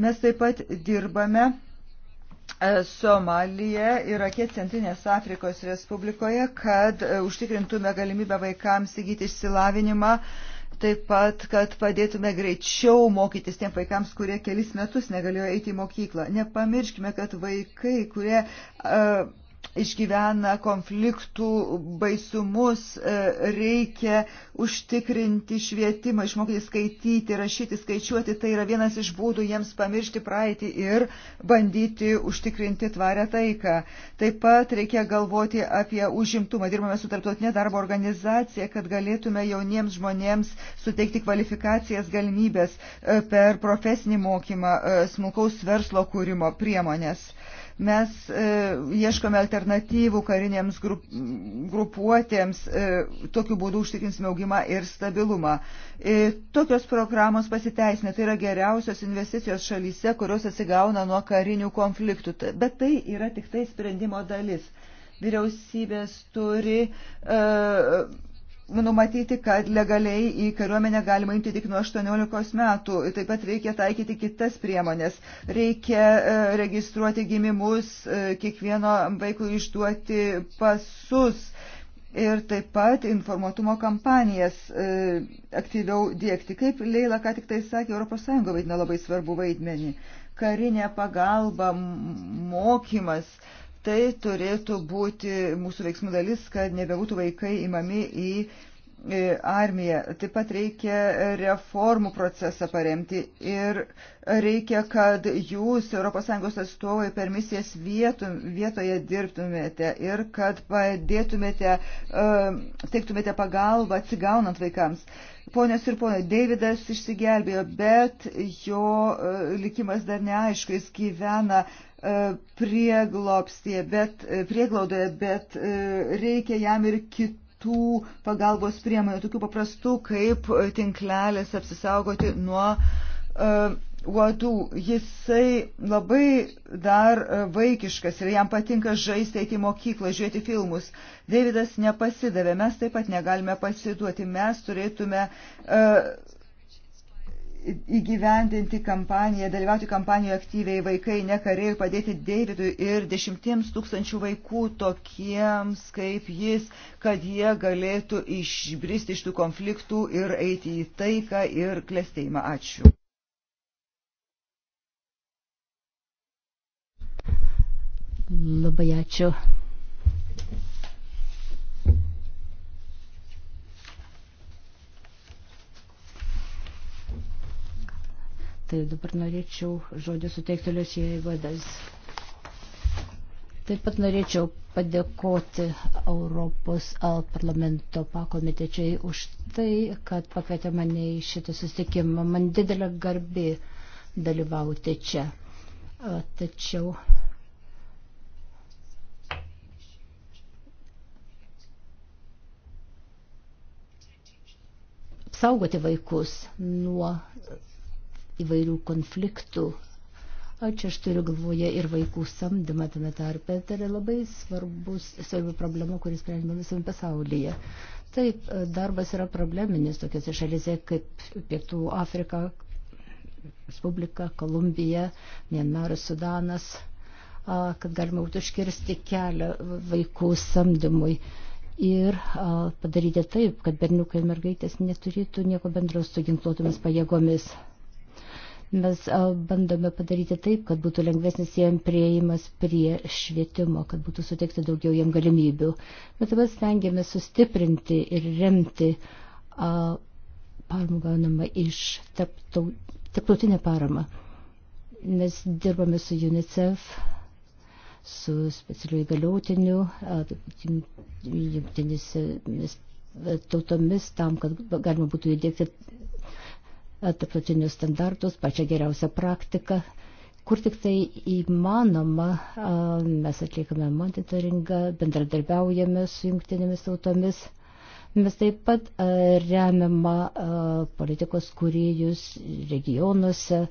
Mes taip pat dirbame e, Somalija, Irakė, Centrinės Afrikos Respublikoje, kad e, užtikrintume galimybę vaikams įgyti išsilavinimą, taip pat, kad padėtume greičiau mokytis tiem vaikams, kurie kelis metus negalėjo eiti į mokyklą. Nepamirškime, kad vaikai, kurie. Uh, išgyvena konfliktų baisumus, e, reikia užtikrinti švietimą, išmokyti skaityti, rašyti, skaičiuoti. Tai yra vienas iš būdų jiems pamiršti praeitį ir bandyti užtikrinti tvarę taiką. Taip pat reikia galvoti apie užimtumą. Dirbame su tarptautinė darbo organizacija, kad galėtume jauniems žmonėms suteikti kvalifikacijas, galimybės e, per profesinį mokymą, e, smulkaus verslo kūrimo priemonės Mes e, ieškome alternatyvų karinėms grup, grupuotėms, e, tokiu būdu užtikrinsime augimą ir stabilumą. E, tokios programos pasiteisinė, tai yra geriausios investicijos šalyse, kurios atsigauna nuo karinių konfliktų. Bet tai yra tik tai sprendimo dalis. Vyriausybės turi. E, numatyti, kad legaliai į kariuomenę galima imti tik nuo 18 metų. Taip pat reikia taikyti kitas priemonės. Reikia e, registruoti gimimus, e, kiekvieno vaikų išduoti pasus ir taip pat informuotumo kampanijas e, aktyviau dėkti. Kaip Leila ką tik tai sakė, ES vaidina labai svarbu vaidmenį. Karinė pagalba, mokymas. E, Tai turėtų būti mūsų veiksmų dalis, kad nebebūtų vaikai imami į armiją. Taip pat reikia reformų procesą paremti ir reikia, kad jūs, ES atstovai, per misijas vietum, vietoje dirbtumėte ir kad padėtumėte, e, teiktumėte pagalbą atsigaunant vaikams. Ponios ir ponai, Davidas išsigelbėjo, bet jo e, likimas dar neaišku, jis gyvena prieglopstie, bet prieglaudoje, bet e, reikia jam ir kitų pagalbos priemonių, tokių paprastų kaip tinklelis apsisaugoti nuo e, uodų. Jisai labai dar e, vaikiškas ir jam patinka žaisti iki mokyklą, žiūrėti filmus. Davidas nepasidavė, mes taip pat negalime pasiduoti, mes turėtume uh, įgyvendinti kampaniją, dalyvauti kampanijoje aktyviai vaikai, ne kariai, padėti Deividui ir dešimtiems tūkstančių vaikų tokiems kaip jis, kad jie galėtų išbristi iš tų konfliktų ir eiti į taiką ir klėstėjimą. Ačiū. Labai ačiū. Tai dabar norėčiau žodį suteikti Liucijai Vadas. Taip pat norėčiau padėkoti Europos parlamento pakomitečiai už tai, kad pakvietė mane į šitą susitikimą. Man didelė garbė dalyvauti čia. Tačiau apsaugoti vaikus nuo įvairių konfliktų. O čia aš turiu galvoje ir vaikų samdymą tame tarpe. Tai yra labai svarbus, svarbi problema, kuris sprendžiama visame pasaulyje. Taip, darbas yra probleminis tokiuose šalise kaip Pietų Afrika, Respublika, Kolumbija, Mienmaras, Sudanas, kad galima būtų iškirsti kelią vaikų samdymui ir padaryti taip, kad berniukai ir mergaitės neturėtų nieko bendro su ginkluotomis pajėgomis. Mes bandome padaryti taip, kad būtų lengvesnis jiems prieimas prie švietimo, kad būtų suteikti daugiau jiems galimybių. Bet dabar stengiamės sustiprinti ir remti paramą gaunamą iš tarptautinę paramą. Mes dirbame su UNICEF, su specialiu įgaliotiniu, jungtinėmis tautomis tam, kad galima būtų įdėkti tarptautinius standartus, pačią geriausią praktiką. Kur tik tai įmanoma, mes atliekame monitoringą, bendradarbiaujame su jungtinėmis tautomis. Mes taip pat remiama politikos kūrėjus regionuose.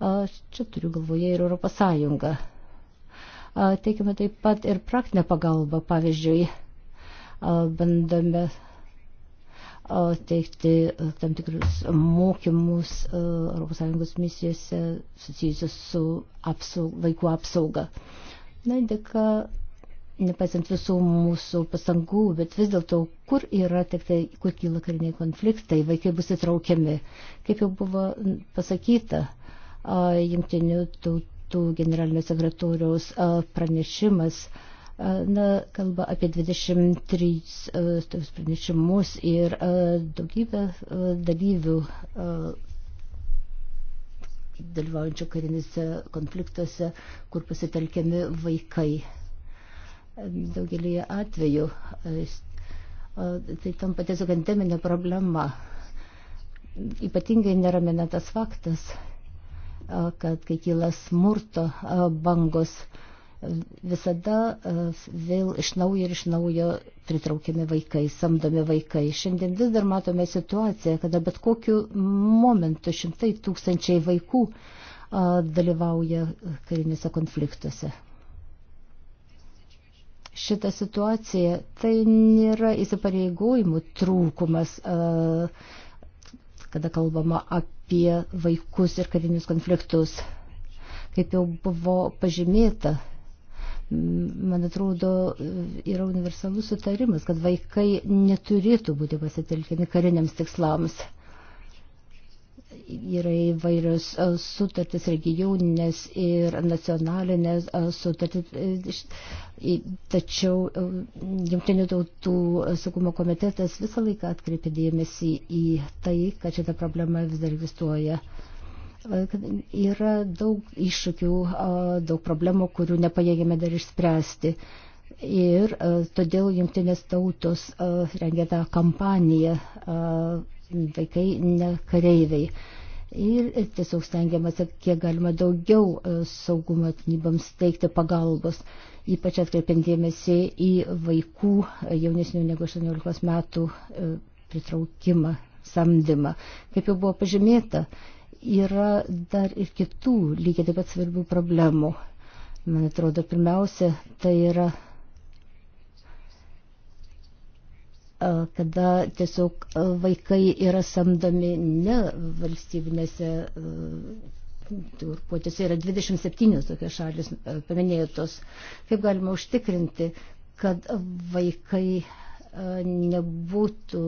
Čia turiu galvoje ir Europos Sąjungą. Teikime taip pat ir praktinę pagalbą, pavyzdžiui, bandome teikti e, tam tikrus mokymus e, ES misijose susijusius su apsaug, vaikų apsauga. Na, dėka, nepaisant visų mūsų pastangų, bet vis dėlto, kur yra tik tai, kur kyla kariniai konfliktai, vaikai bus įtraukiami. Kaip jau buvo pasakyta, jungtinių tautų generalinio sekretoriaus pranešimas. A, na, kalba apie 23 e, tokius pranešimus ir e, daugybę e, dalyvių dalyvaujančių karinėse konfliktuose, kur pasitelkiami vaikai. Daugelį atvejų tai tampa tiesiog endeminė problema. Ypatingai neramina tas faktas, kad kai kyla smurto bangos, visada e, vėl iš naujo ir iš naujo pritraukiami vaikai, samdomi vaikai. Šiandien vis dar matome situaciją, kada bet kokiu momentu šimtai tūkstančiai vaikų e, dalyvauja karinėse konfliktuose. Šita situacija tai nėra įsipareigojimų trūkumas, e, kada kalbama apie vaikus ir karinius konfliktus. Kaip jau buvo pažymėta, man atrodo, yra universalus sutarimas, kad vaikai neturėtų būti pasitelkiami kariniams tikslams. Yra įvairios sutartis regioninės ir nacionalinės sutartis, e, tačiau e, Junktinių tautų saugumo komitetas visą laiką atkreipė dėmesį į tai, kad šita problema vis dar egzistuoja. E, yra daug iššūkių, e, daug problemų, kurių nepajėgėme dar išspręsti. Ir e, todėl jungtinės tautos rengia tą kampaniją vaikai ne kareiviai. Ir tiesiog stengiamas, kiek galima daugiau saugumo atnybams teikti pagalbos, ypač atkreipiantėmėsi į vaikų jaunesnių negu 18 metų pritraukimą, samdymą. Kaip jau buvo pažymėta, yra dar ir kitų lygiai taip pat svarbių problemų. Man atrodo, pirmiausia, tai yra, kada tiesiog vaikai yra samdomi ne valstybinėse grupuotėse, yra 27 tokios šalis paminėtos. Kaip galima užtikrinti, kad vaikai nebūtų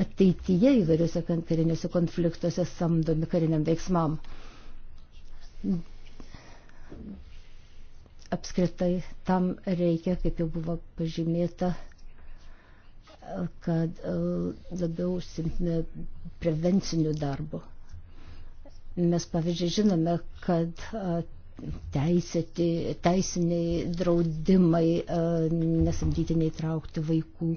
ateityje įvairiuose kariniuose konfliktuose samdomi kariniam veiksmam. Apskritai tam reikia, kaip jau buvo pažymėta, kad e, labiau užsimtume prevencinių darbų. Mes, pavyzdžiui, žinome, kad e, teisėti, teisiniai draudimai e, nesamdyti neįtraukti vaikų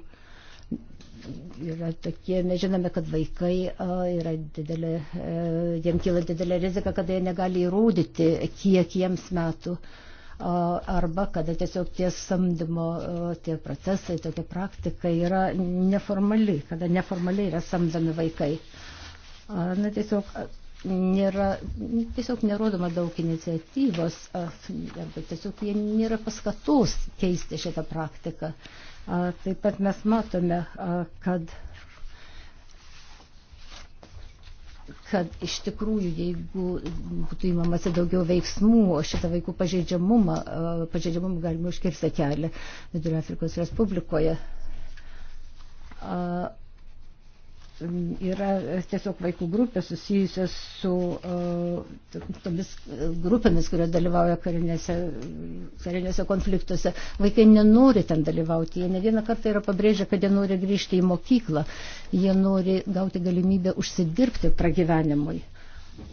yra tokie, mes žinome, kad vaikai yra didelė, e, jiems kyla didelė rizika, kada jie negali įrodyti, kiek jiems metų arba kada tiesiog tie samdymo tie procesai, tokia praktika yra neformali, kada neformaliai yra samdomi vaikai. Na tiesiog nėra, tiesiog nerodoma daug iniciatyvos, arba tiesiog jie nėra paskatos keisti šitą praktiką. Uh, Taip pat mes matome, kad, kad iš tikrųjų, jeigu būtų įmamasi daugiau veiksmų, šitą vaikų pažeidžiamumą, pažeidžiamumą galima užkirsti kelią Vidurio Afrikos Respublikoje yra tiesiog vaikų grupės susijusios su uh, tomis grupėmis, kurios dalyvauja karinėse, karinėse konfliktuose. Vaikai nenori ten dalyvauti. Jie ne vieną kartą yra pabrėžę, kad jie nori grįžti į mokyklą. Jie nori gauti galimybę užsidirbti pragyvenimui.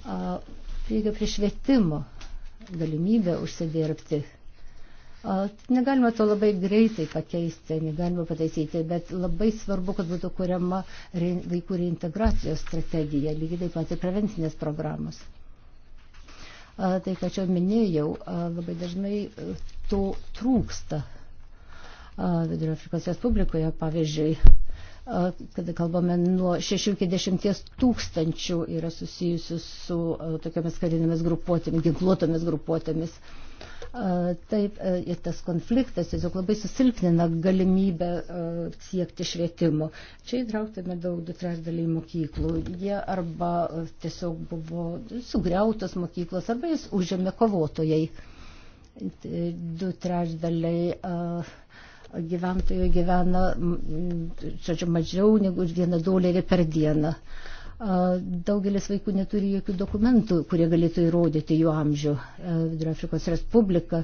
Uh, Prieiga prie švietimo, galimybė užsidirbti Negalima to labai greitai pakeisti, negalima pataisyti, bet labai svarbu, kad būtų kuriama vaikų reintegracijos strategija, lygiai taip pat ir prevencinės programos. Tai, ką čia minėjau, labai dažnai to trūksta Vidurio Afrikos Respublikoje, pavyzdžiui, kada kalbame nuo 6 iki 10 tūkstančių yra susijusių su tokiamis karinėmis grupuotėmis, ginkluotomis grupuotėmis. grupuotėmis Taip, e, ir tas konfliktas tiesiog labai susilpnina galimybę e, siekti švietimo. Čia įtrauktume daug du trešdaliai mokyklų. Jie arba e, tiesiog buvo sugriautos mokyklos, arba jis užėmė kovotojai. Du trešdaliai gyventojų gyvena, žodžiu, mažiau negu vieną dolerį per dieną. Uh, Daugelis vaikų neturi jokių dokumentų, kurie galėtų įrodyti jų amžių. Vidurio Afrikos Respublika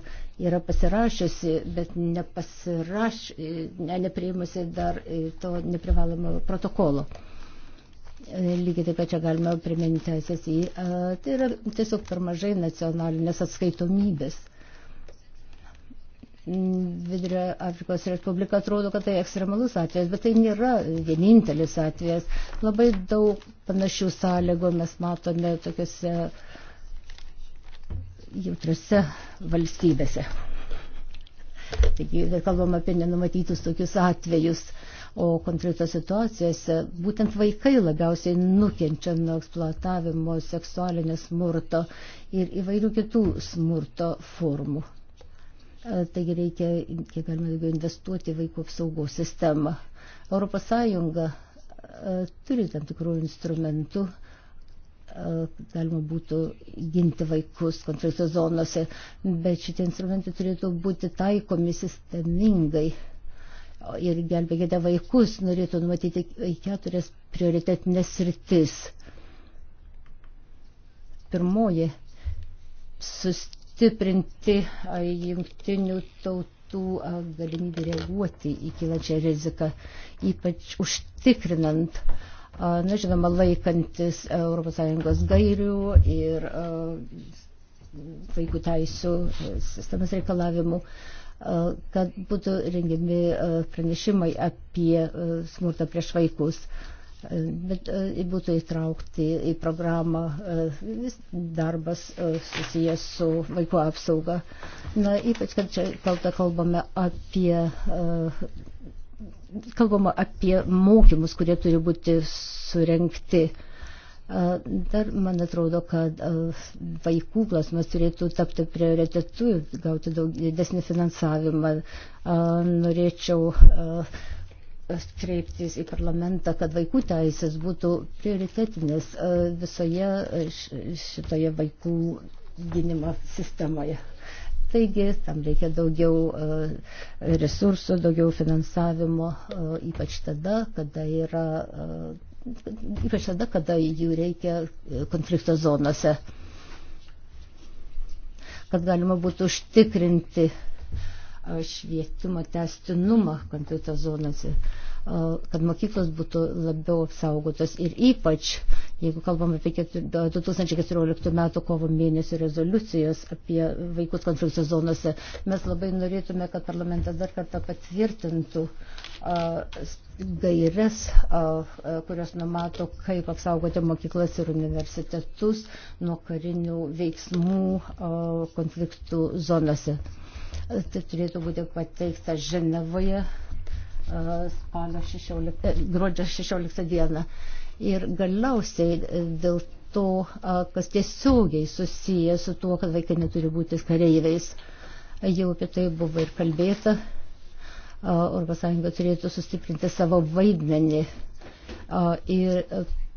yra pasirašiusi, bet nepasiraš, ne, nepriimusi dar to neprivalomo protokolo. E, lygiai taip pat čia galima priminti SSI. Tai yra tiesiog per mažai nacionalinės atskaitomybės. Vidurio Afrikos Respublika atrodo, kad tai ekstremalus atvejas, bet tai nėra vienintelis atvejas. Labai daug panašių sąlygų mes matome tokiuose jautriuose valstybėse. Taigi, kalbam apie nenumatytus tokius atvejus, o konflikto situacijose būtent vaikai labiausiai nukenčia nuo eksploatavimo, seksualinio smurto ir įvairių kitų smurto formų. E, taigi reikia, kiek galima daugiau, investuoti vaikų apsaugos sistemą. Europos Sąjunga e, turi tam tikrų instrumentų, e, galima būtų ginti vaikus konflikto zonose, bet šitie instrumentai turėtų būti taikomi sistemingai. Ir gelbėkite vaikus norėtų numatyti į keturias prioritetinės sritis. Pirmoji - stiprinti jungtinių tautų galimybę reaguoti į kilačią riziką, ypač užtikrinant, na žinoma, laikantis ES gairių ir vaikų teisų sistemos reikalavimų kad būtų rengiami pranešimai apie smurtą prieš vaikus bet e, būtų įtraukti į programą e, darbas e, susijęs su vaikų apsauga. Na, ypač, kad čia kalta kalbame apie, kalbama apie mokymus, kurie turi būti surenkti. Dar man atrodo, kad vaikų klausimas turėtų tapti prioritetu, gauti daug didesnį finansavimą. Norėčiau kreiptis į parlamentą, kad vaikų teisės būtų prioritetinės e, visoje šitoje vaikų gynimo sistemoje. Taigi, tam reikia daugiau e, resursų, daugiau finansavimo, e, ypač tada, kada yra ypač tada, kada jų reikia konflikto zonose, kad galima būtų užtikrinti švietimo testinumą konflikto zonose, kad mokyklos būtų labiau apsaugotos ir ypač, jeigu kalbam apie 2014 metų kovo mėnesio rezoliucijos apie vaikus konflikto zonose, mes labai norėtume, kad parlamentas dar kartą patvirtintų gairias, kurios numato, kaip apsaugoti mokyklas ir universitetus nuo karinių veiksmų konfliktų zonose. Tai turėtų būti pateikta Ženevoje e, spalio 16, e, gruodžio 16 dieną. Ir galiausiai e, dėl to, kas tiesiogiai susiję su tuo, kad vaikai neturi būti kareiviais. Jau apie tai buvo ir kalbėta. Europos Sąjunga turėtų sustiprinti savo vaidmenį ir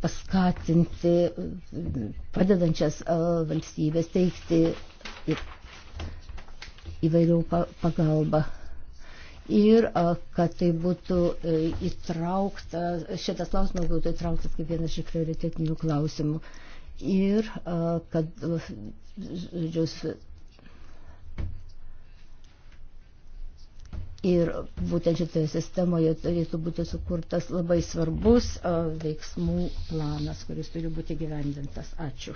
paskatinti padedančias valstybės teikti ir įvairių pagalbą. Ir kad tai būtų e, įtraukta, šitas klausimas būtų įtrauktas kaip vienas iš prioritetinių klausimų. Ir kad, žodžius, Ir būtent šitoje sistemoje turėtų būti sukurtas labai svarbus veiksmų planas, kuris turi būti gyvendintas. Ačiū.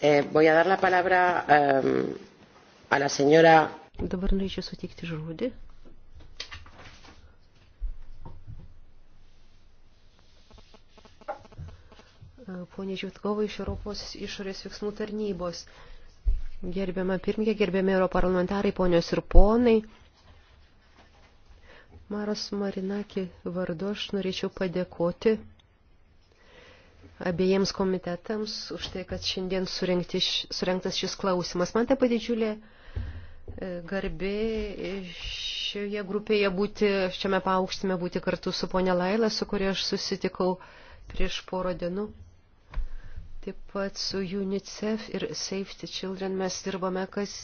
Eh, voy a dar la palabra um, a la señora. Dabar norėčiau suteikti žodį. Pone Žiūtkovai iš Europos išorės veiksmų tarnybos. Gerbiama pirmie, gerbiami europarlamentarai, ponios ir ponai. Maros Marinaki vardu aš norėčiau padėkoti abiejiems komitetams už tai, kad šiandien surinktas šis klausimas. Man tai padidžiulė didžiulė garbė šioje grupėje būti, šiame paaukštime būti kartu su ponia Laila, su kuria aš susitikau prieš porą dienų. Taip pat su UNICEF ir Save the Children mes dirbame kas,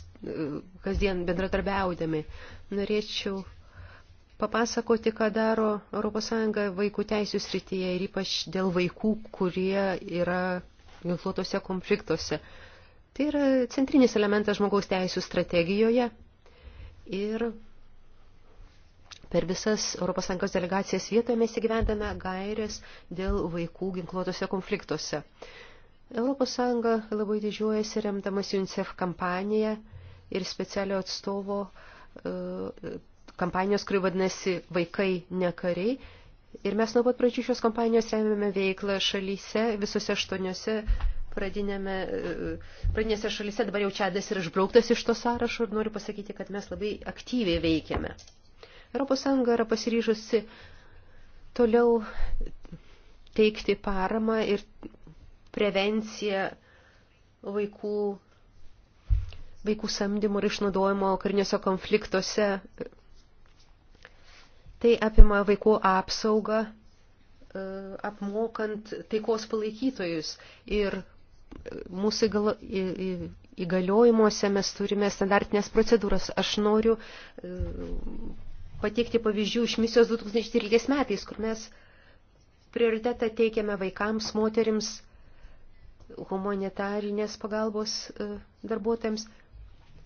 kasdien bendratarbiaudami. Norėčiau papasakoti, ką daro ES vaikų teisų srityje ir ypač dėl vaikų, kurie yra ginkluotose konfliktuose. Uh, Tai yra centrinis elementas žmogaus teisų strategijoje ir per visas ES delegacijas vietoje mes įgyvendame gairės dėl vaikų ginkluotose konfliktuose. ES labai didžiuojasi remdamas UNICEF kampaniją ir specialio atstovo e, kampanijos, kuri vadinasi Vaikai ne kariai, Ir mes nuo pat pradžių šios kompanijos remiame veiklą šalyse, visose aštuoniuose pradinėme, e, pradinėse šalise, dabar jau Čadas yra išbrauktas iš to sąrašo ir noriu pasakyti, kad mes labai aktyviai veikiame. ES yra pasiryžusi toliau teikti paramą ir prevenciją vaikų, vaikų samdymų ir išnaudojimo kariniuose konfliktuose. Tai apima vaikų apsaugą, e, apmokant taikos palaikytojus ir mūsų įgaliojimuose mes turime standartinės procedūras. Aš noriu e, pateikti pavyzdžių iš misijos 2013 metais, kur mes prioritetą teikiame vaikams, moterims, humanitarinės pagalbos e, darbuotojams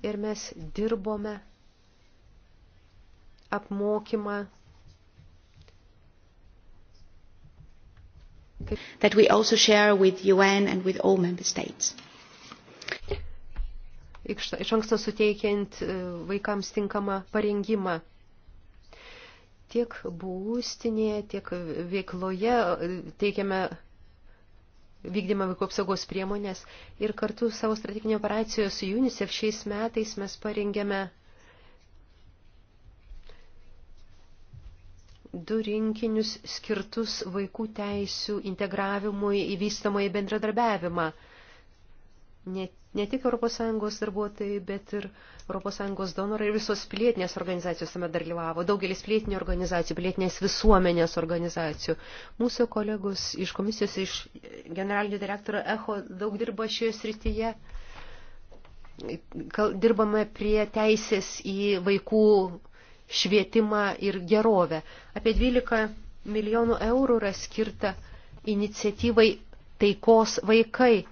ir mes dirbome apmokymą that we also share with UN and with all member states. Iš anksto suteikiant e, vaikams tinkamą parengimą tiek būstinėje, tiek veikloje e, teikiame vykdymą vaikų apsaugos priemonės ir kartu savo strateginio operacijos UNICEF šiais metais mes parengėme du rinkinius skirtus vaikų teisių integravimui į vystamą į bendradarbiavimą. Ne, ne tik ES darbuotojai, bet ir ES donorai ir visos pilietinės organizacijos tame dalyvavo, daugelis pilietinių organizacijų, pilietinės visuomenės organizacijų. Mūsų kolegos iš komisijos, iš generalinio direktoro ECHO daug dirba šioje srityje dirbame prie teisės į vaikų švietimą ir gerovę. Apie 12 milijonų eurų yra skirta iniciatyvai taikos vaikai.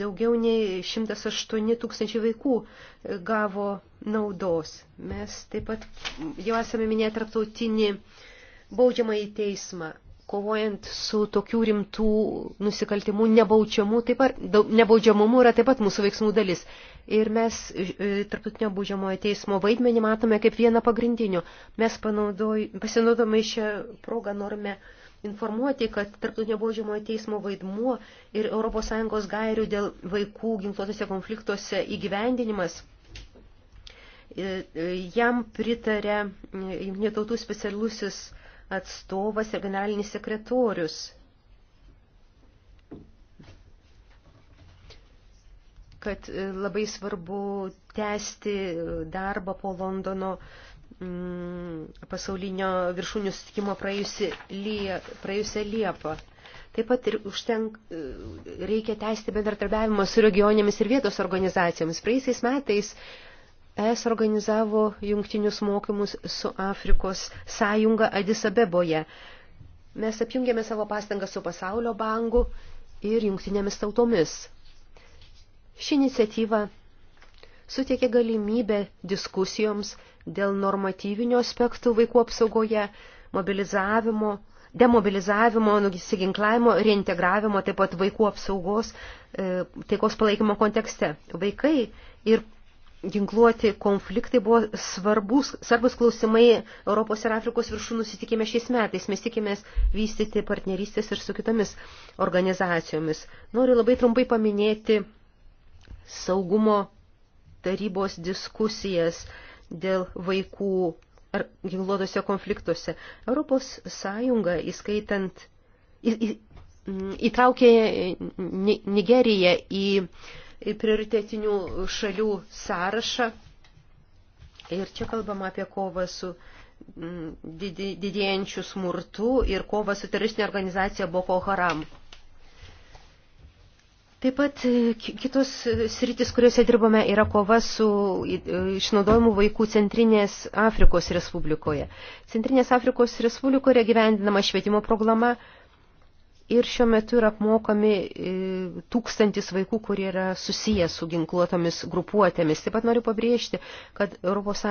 Daugiau nei 108 tūkstančių vaikų e, gavo naudos. Mes taip pat jau esame minėję tarptautinį baudžiamą į teismą, kovojant su tokių rimtų nusikaltimų nebaučiamų, taip pat, nebaudžiamumu yra taip pat mūsų veiksmų dalis. Ir mes e, e, tarptautinio būdžiamojo teismo vaidmenį matome kaip vieną pagrindinių. Mes pasinaudodami šią progą norime informuoti, kad tarptautinio būdžiamojo teismo vaidmuo ir ES gairių dėl vaikų ginkluotose konfliktuose įgyvendinimas. E, jam pritarė jungtinių tautų specialusis atstovas ir generalinis sekretorius kad e, labai svarbu tęsti darbą po Londono mm, pasaulinio viršūnių sutikimo praėjusią lie, Liepą. Taip pat ir užtenk, e, reikia tęsti bendratarbiavimą su regionėmis ir vietos organizacijomis. Praėjusiais metais ES organizavo jungtinius mokymus su Afrikos sąjunga Adis Abeboje. Mes apjungėme savo pastangą su pasaulio bangu ir jungtinėmis tautomis. Ši iniciatyva suteikia galimybę diskusijoms dėl normatyvinių aspektų vaikų apsaugoje, mobilizavimo, demobilizavimo, nusiginklavimo, reintegravimo, taip pat vaikų apsaugos, e, taikos palaikymo kontekste. Vaikai ir ginkluoti konfliktai buvo svarbus, svarbus klausimai Europos ir Afrikos viršūnų susitikime šiais metais. Mes tikimės vystyti partnerystės ir su kitomis organizacijomis. Noriu labai trumpai paminėti saugumo tarybos diskusijas dėl vaikų ar ginkluotose konfliktuose. Europos Sąjunga, įskaitant, į, į, įtraukė Nigeriją į, į prioritetinių šalių sąrašą. Ir čia kalbama apie kovą su didėjančiu smurtu ir kovą su teroristinė organizacija Boko Haram. Taip pat e, kitos e, sritis, kuriuose dirbame, yra kova su e, išnaudojimu vaikų Centrinės Afrikos Respublikoje. Centrinės Afrikos Respublikoje gyvendinama švietimo programa, Ir šiuo metu yra apmokami e, tūkstantis vaikų, kurie yra susiję su ginkluotomis grupuotėmis. Taip pat noriu pabrėžti, kad ES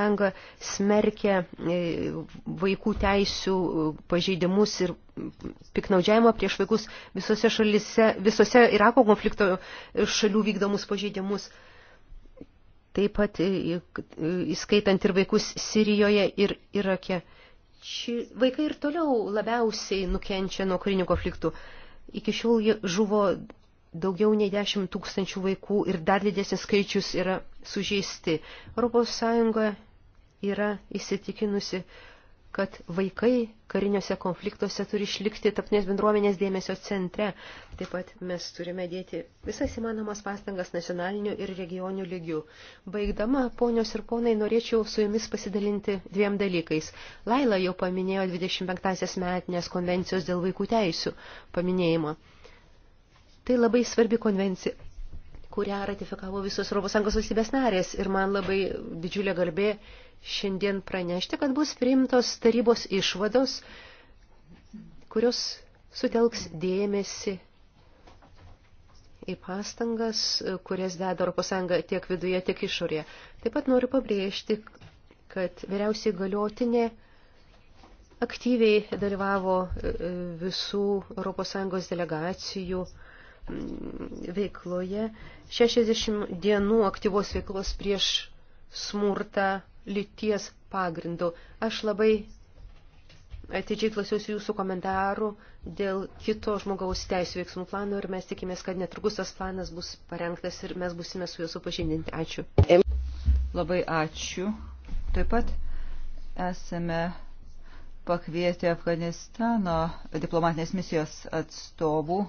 smerkia e, vaikų teisių e, pažeidimus ir piknaudžiavimą prieš vaikus visose, šalise, visose Irako konflikto šalių vykdomus pažeidimus. Taip pat įskaitant ir vaikus Sirijoje ir Irake. Ir Ši, vaikai ir toliau labiausiai nukenčia nuo karinių konfliktų. Iki šiol žuvo daugiau nei 10 tūkstančių vaikų ir dar didesnis skaičius yra sužeisti. ES yra įsitikinusi, kad vaikai kariniuose konfliktuose turi išlikti tapnės bendruomenės dėmesio centre. Taip pat mes turime dėti visas įmanomas pastangas nacionaliniu ir regioniu lygiu. Baigdama, ponios ir ponai, norėčiau su jumis pasidalinti dviem dalykais. Laila jau paminėjo 25-asias metinės konvencijos dėl vaikų teisių paminėjimą. Tai labai svarbi konvencija kurią ratifikavo visos ES valstybės narės. Ir man labai didžiulė garbė šiandien pranešti, kad bus priimtos tarybos išvados, kurios sutelks dėmesį į pastangas, kurias deda ES tiek viduje, tiek išorėje. Taip pat noriu pabrėžti, kad vyriausiai galiotinė aktyviai dalyvavo e, e, visų ES delegacijų veikloje 60 dienų aktyvos veiklos prieš smurtą lyties pagrindu. Aš labai atidžiai klausiausi jūsų komentarų dėl kito žmogaus teisų veiksmų plano ir mes tikimės, kad netrukus tas planas bus parengtas ir mes busime su juo supažindinti. Ačiū. Labai ačiū. Taip pat esame pakvietę Afganistano diplomatinės misijos atstovų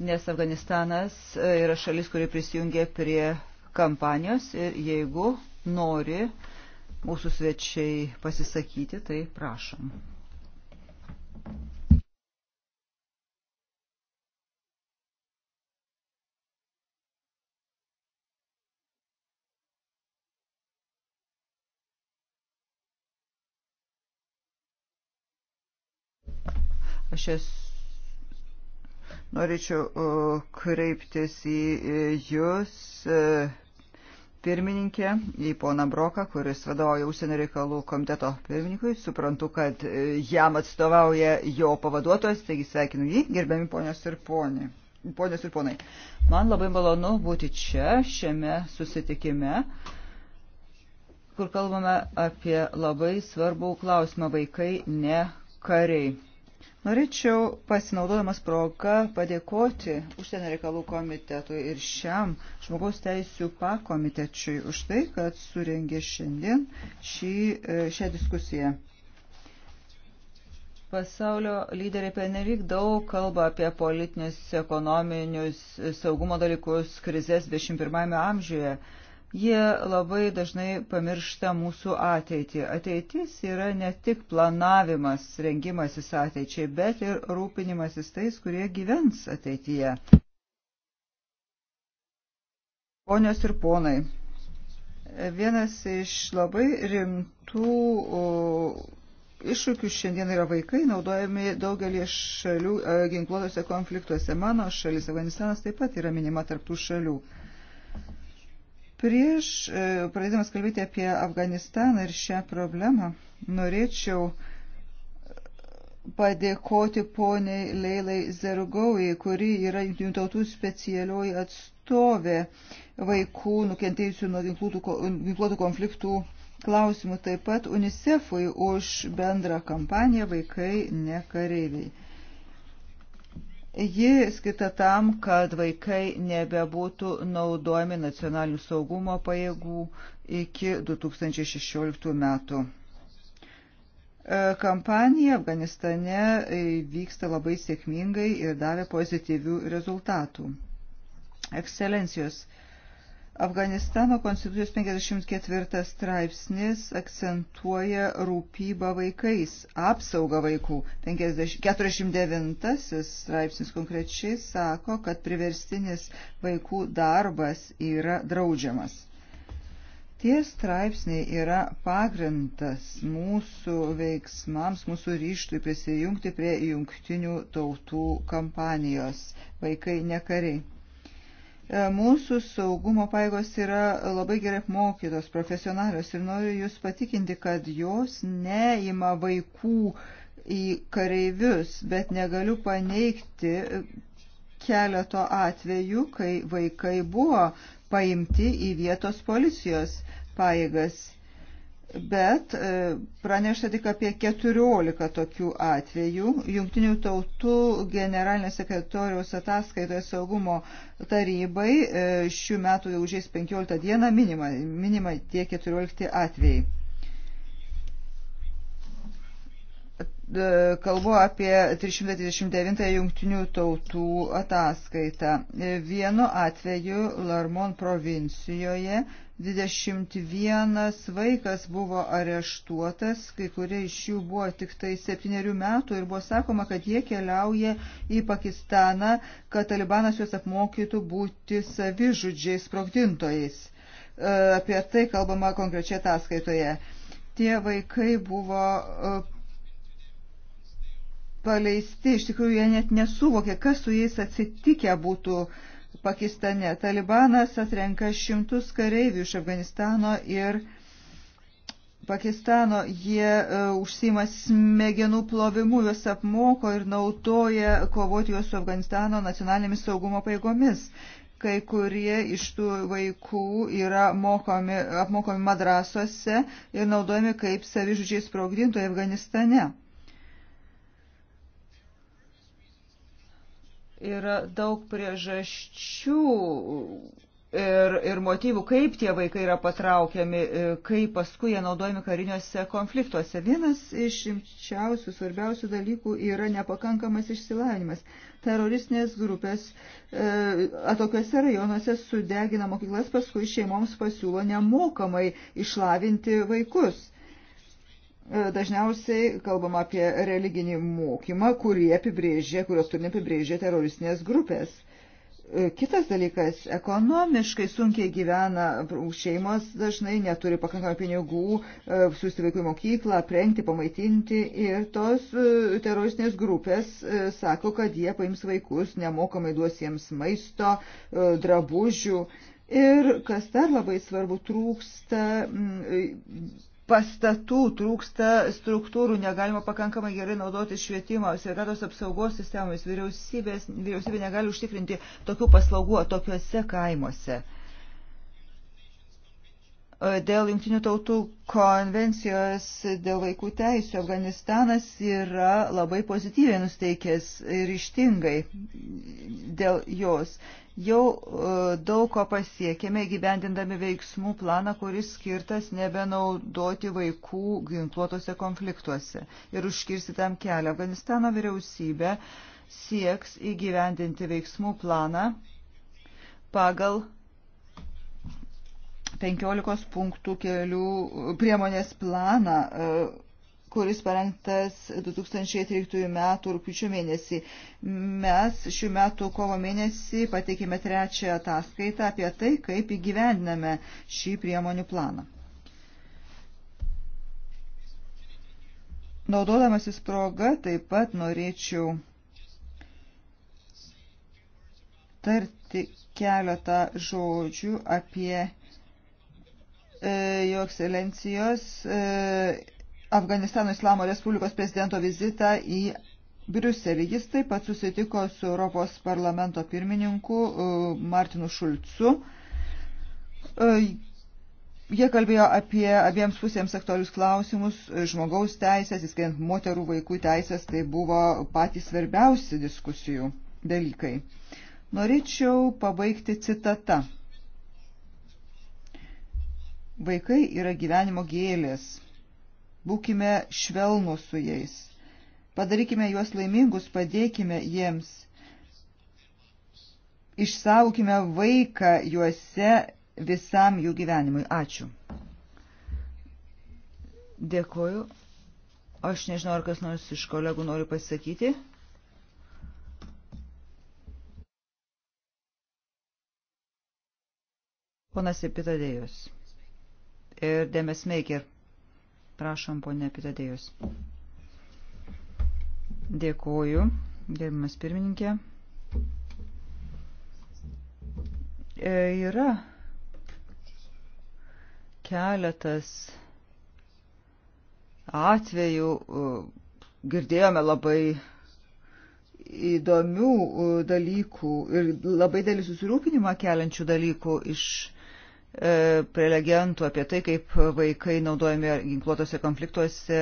nes Afganistanas e, yra šalis, kuri prisijungia prie kampanijos ir jeigu nori mūsų svečiai pasisakyti, tai prašom. Aš esu Norėčiau kreiptis į Jūs, e, pirmininkė, į poną Broką, kuris vadovauja Užsienio reikalų komiteto pirmininkui. Suprantu, kad e, jam atstovauja jo pavaduotojas, taigi sveikinu jį, gerbiami ponios ir poniai. Ponios ir ponai, man labai malonu būti čia, šiame susitikime, kur kalbame apie labai svarbų klausimą vaikai, ne kariai. Norėčiau pasinaudodamas progą padėkoti užsienio reikalų komitetui ir šiam žmogaus teisų pakomitečiui už tai, kad surengė šiandien šį, e, šią diskusiją. Pasaulio lyderiai penelik daug kalba apie politinius, ekonominius, saugumo dalykus, krizės 21 amžiuje jie labai dažnai pamiršta mūsų ateitį. Ateitis yra ne tik planavimas, rengimasis ateičiai, bet ir rūpinimasis tais, kurie gyvens ateityje. Ponios ir ponai, vienas iš labai rimtų iššūkių šiandien yra vaikai, naudojami daugelį šalių e, ginkluotose konfliktuose. Mano šalis, Afganistanas, taip pat yra minima tarptų šalių. Prieš e, pradėdamas kalbėti apie Afganistaną ir šią problemą, norėčiau padėkoti poniai Leilai Zergaujai, kuri yra Junktinių tautų specialioji atstovė vaikų nukentėjusių nuo ginkluotų konfliktų klausimų, taip pat UNICEF'ui už bendrą kampaniją Vaikai ne kareiviai. Ji skirta tam, kad vaikai nebebūtų naudojami nacionalinių saugumo pajėgų iki 2016 metų. E, kampanija Afganistane e, vyksta labai sėkmingai ir davė pozityvių rezultatų. Ekscelencijos, Afganistano konstitucijos 54 straipsnis akcentuoja rūpybą vaikais, apsaugą vaikų. 50, 49 straipsnis konkrečiai sako, kad priverstinis vaikų darbas yra draudžiamas. Tie straipsniai yra pagrindas mūsų veiksmams, mūsų ryštui prisijungti prie jungtinių tautų kampanijos. Vaikai nekariai. E, mūsų saugumo paėgos yra labai gerai apmokytos, profesionalios ir noriu Jūs patikinti, kad jos neima vaikų į kareivius, bet negaliu paneigti keleto atvejų, kai vaikai buvo paimti į vietos policijos paėgas bet e, pranešta tik apie 14 tokių atvejų. Jungtinių tautų generalinės sekretoriaus ataskaitoje saugumo tarybai e, šių metų jau žiais 15 dieną minima, minima tie 14 atvejai. E, kalbu apie 339 jungtinių tautų ataskaitą. Vienu atveju Larmon provincijoje 21 vaikas buvo areštuotas, kai kurie iš jų buvo tik tai septyniarių metų ir buvo sakoma, kad jie keliauja į Pakistaną, kad talibanas juos apmokytų būti savižudžiais sprogdintojais. E, apie tai kalbama konkrečiai ataskaitoje. Tie vaikai buvo e, paleisti, iš tikrųjų jie net nesuvokė, kas su jais atsitikę būtų Pakistane. Talibanas atrenka šimtus kareivių iš Afganistano ir Pakistano. Jie uh, užsima smegenų plovimu, juos apmoko ir naudoja kovoti juos su Afganistano nacionalinėmis saugumo paėgomis. Kai kurie iš tų vaikų yra mokomi, apmokomi madrasose ir naudojami kaip savižudžiai sprogdintojai Afganistane. Yra daug priežasčių ir, ir motyvų, kaip tie vaikai yra patraukiami, e, kaip paskui jie naudojami kariniuose konfliktuose. Vienas iš šimčiausių, svarbiausių dalykų yra nepakankamas išsilavinimas. Teroristinės grupės e, atokiuose rajonuose sudegina mokyklas, paskui šeimoms pasiūlo nemokamai išlavinti vaikus. E, dažniausiai kalbama apie religinį mokymą, kurį apibrėžė, kurios turinį apibrėžė teroristinės grupės. E, kitas dalykas, ekonomiškai sunkiai gyvena šeimos, dažnai neturi pakankamai pinigų e, siūsti vaikų į mokyklą, aprengti, pamaitinti ir tos teroristinės grupės sako, kad jie paims vaikus, nemokamai duos jiems maisto, drabužių. Ir kas dar labai svarbu, trūksta pastatų, trūksta struktūrų, negalima pakankamai gerai naudoti švietimo, sveikatos apsaugos sistemomis, vyriausybė negali užtikrinti tokių paslaugų tokiuose kaimuose. Dėl Junktinių tautų konvencijos dėl vaikų teisų Afganistanas yra labai pozityviai nusteikęs ir ryštingai dėl jos. Jau e, daug ko pasiekėme gyvendindami veiksmų planą, kuris skirtas nebenaudoti vaikų ginkluotose konfliktuose ir užkirsti tam kelią. Afganistano vyriausybė sieks įgyvendinti veiksmų planą pagal 15 punktų kelių e, priemonės planą, e, kuris parengtas 2013 m. rūpiučio mėnesį. Mes šių metų kovo mėnesį pateikėme trečią ataskaitą apie tai, kaip įgyvendiname šį priemonių planą. Naudodamasis proga, taip pat norėčiau tarti keletą žodžių apie E, jo ekscelencijos e, Afganistano Islamo Respublikos prezidento vizitą į Briuselį. Jis taip pat susitiko su Europos parlamento pirmininku e, Martinu Šulcu. Jie kalbėjo apie abiems pusėms aktualius klausimus, žmogaus teisės, įskaitant moterų vaikų teisės, tai buvo patys svarbiausi diskusijų dalykai. Norėčiau pabaigti citata. Vaikai yra gyvenimo gėlės. Būkime švelnus su jais. Padarykime juos laimingus, padėkime jiems. Išsaukime vaiką juose visam jų gyvenimui. Ačiū. Dėkuoju. Aš nežinau, ar kas nors iš kolegų nori pasakyti. Ponas Epitadėjus ir Demes Maker. Prašom, ponė Pitadėjus. Dėkuoju, gerbimas pirmininkė. E, yra keletas atvejų, e, girdėjome labai įdomių e, dalykų ir labai dėlį susirūpinimą keliančių dalykų iš E, prelegentų apie tai, kaip vaikai naudojami ginkluotose konfliktuose,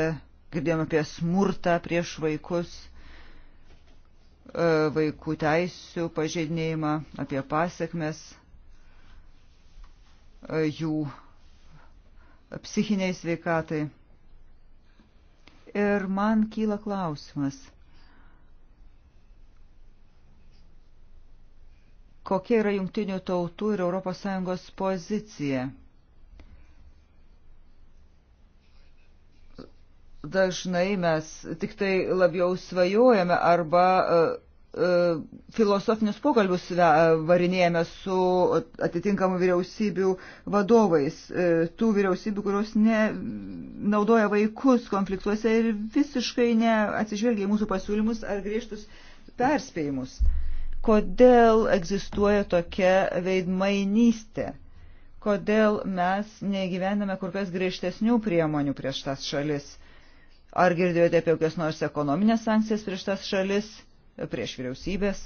girdėjome apie smurtą prieš vaikus, e, vaikų teisų pažeidinėjimą, apie pasiekmes e, jų psichiniai sveikatai. Ir man kyla klausimas – kokia yra jungtinių tautų ir ES pozicija. Dažnai mes tik tai labiau svajojame arba e, e, filosofinius pokalbius varinėjame su atitinkamų vyriausybių vadovais, e, tų vyriausybių, kurios ne, naudoja vaikus konfliktuose ir visiškai neatsižvelgia į mūsų pasiūlymus ar griežtus perspėjimus. Uh, kodėl egzistuoja tokia veidmainystė, kodėl mes negyvename kur kas griežtesnių priemonių prieš tas šalis. Ar girdėjote apie kokias nors ekonominės sankcijas prieš tas šalis, prieš vyriausybės,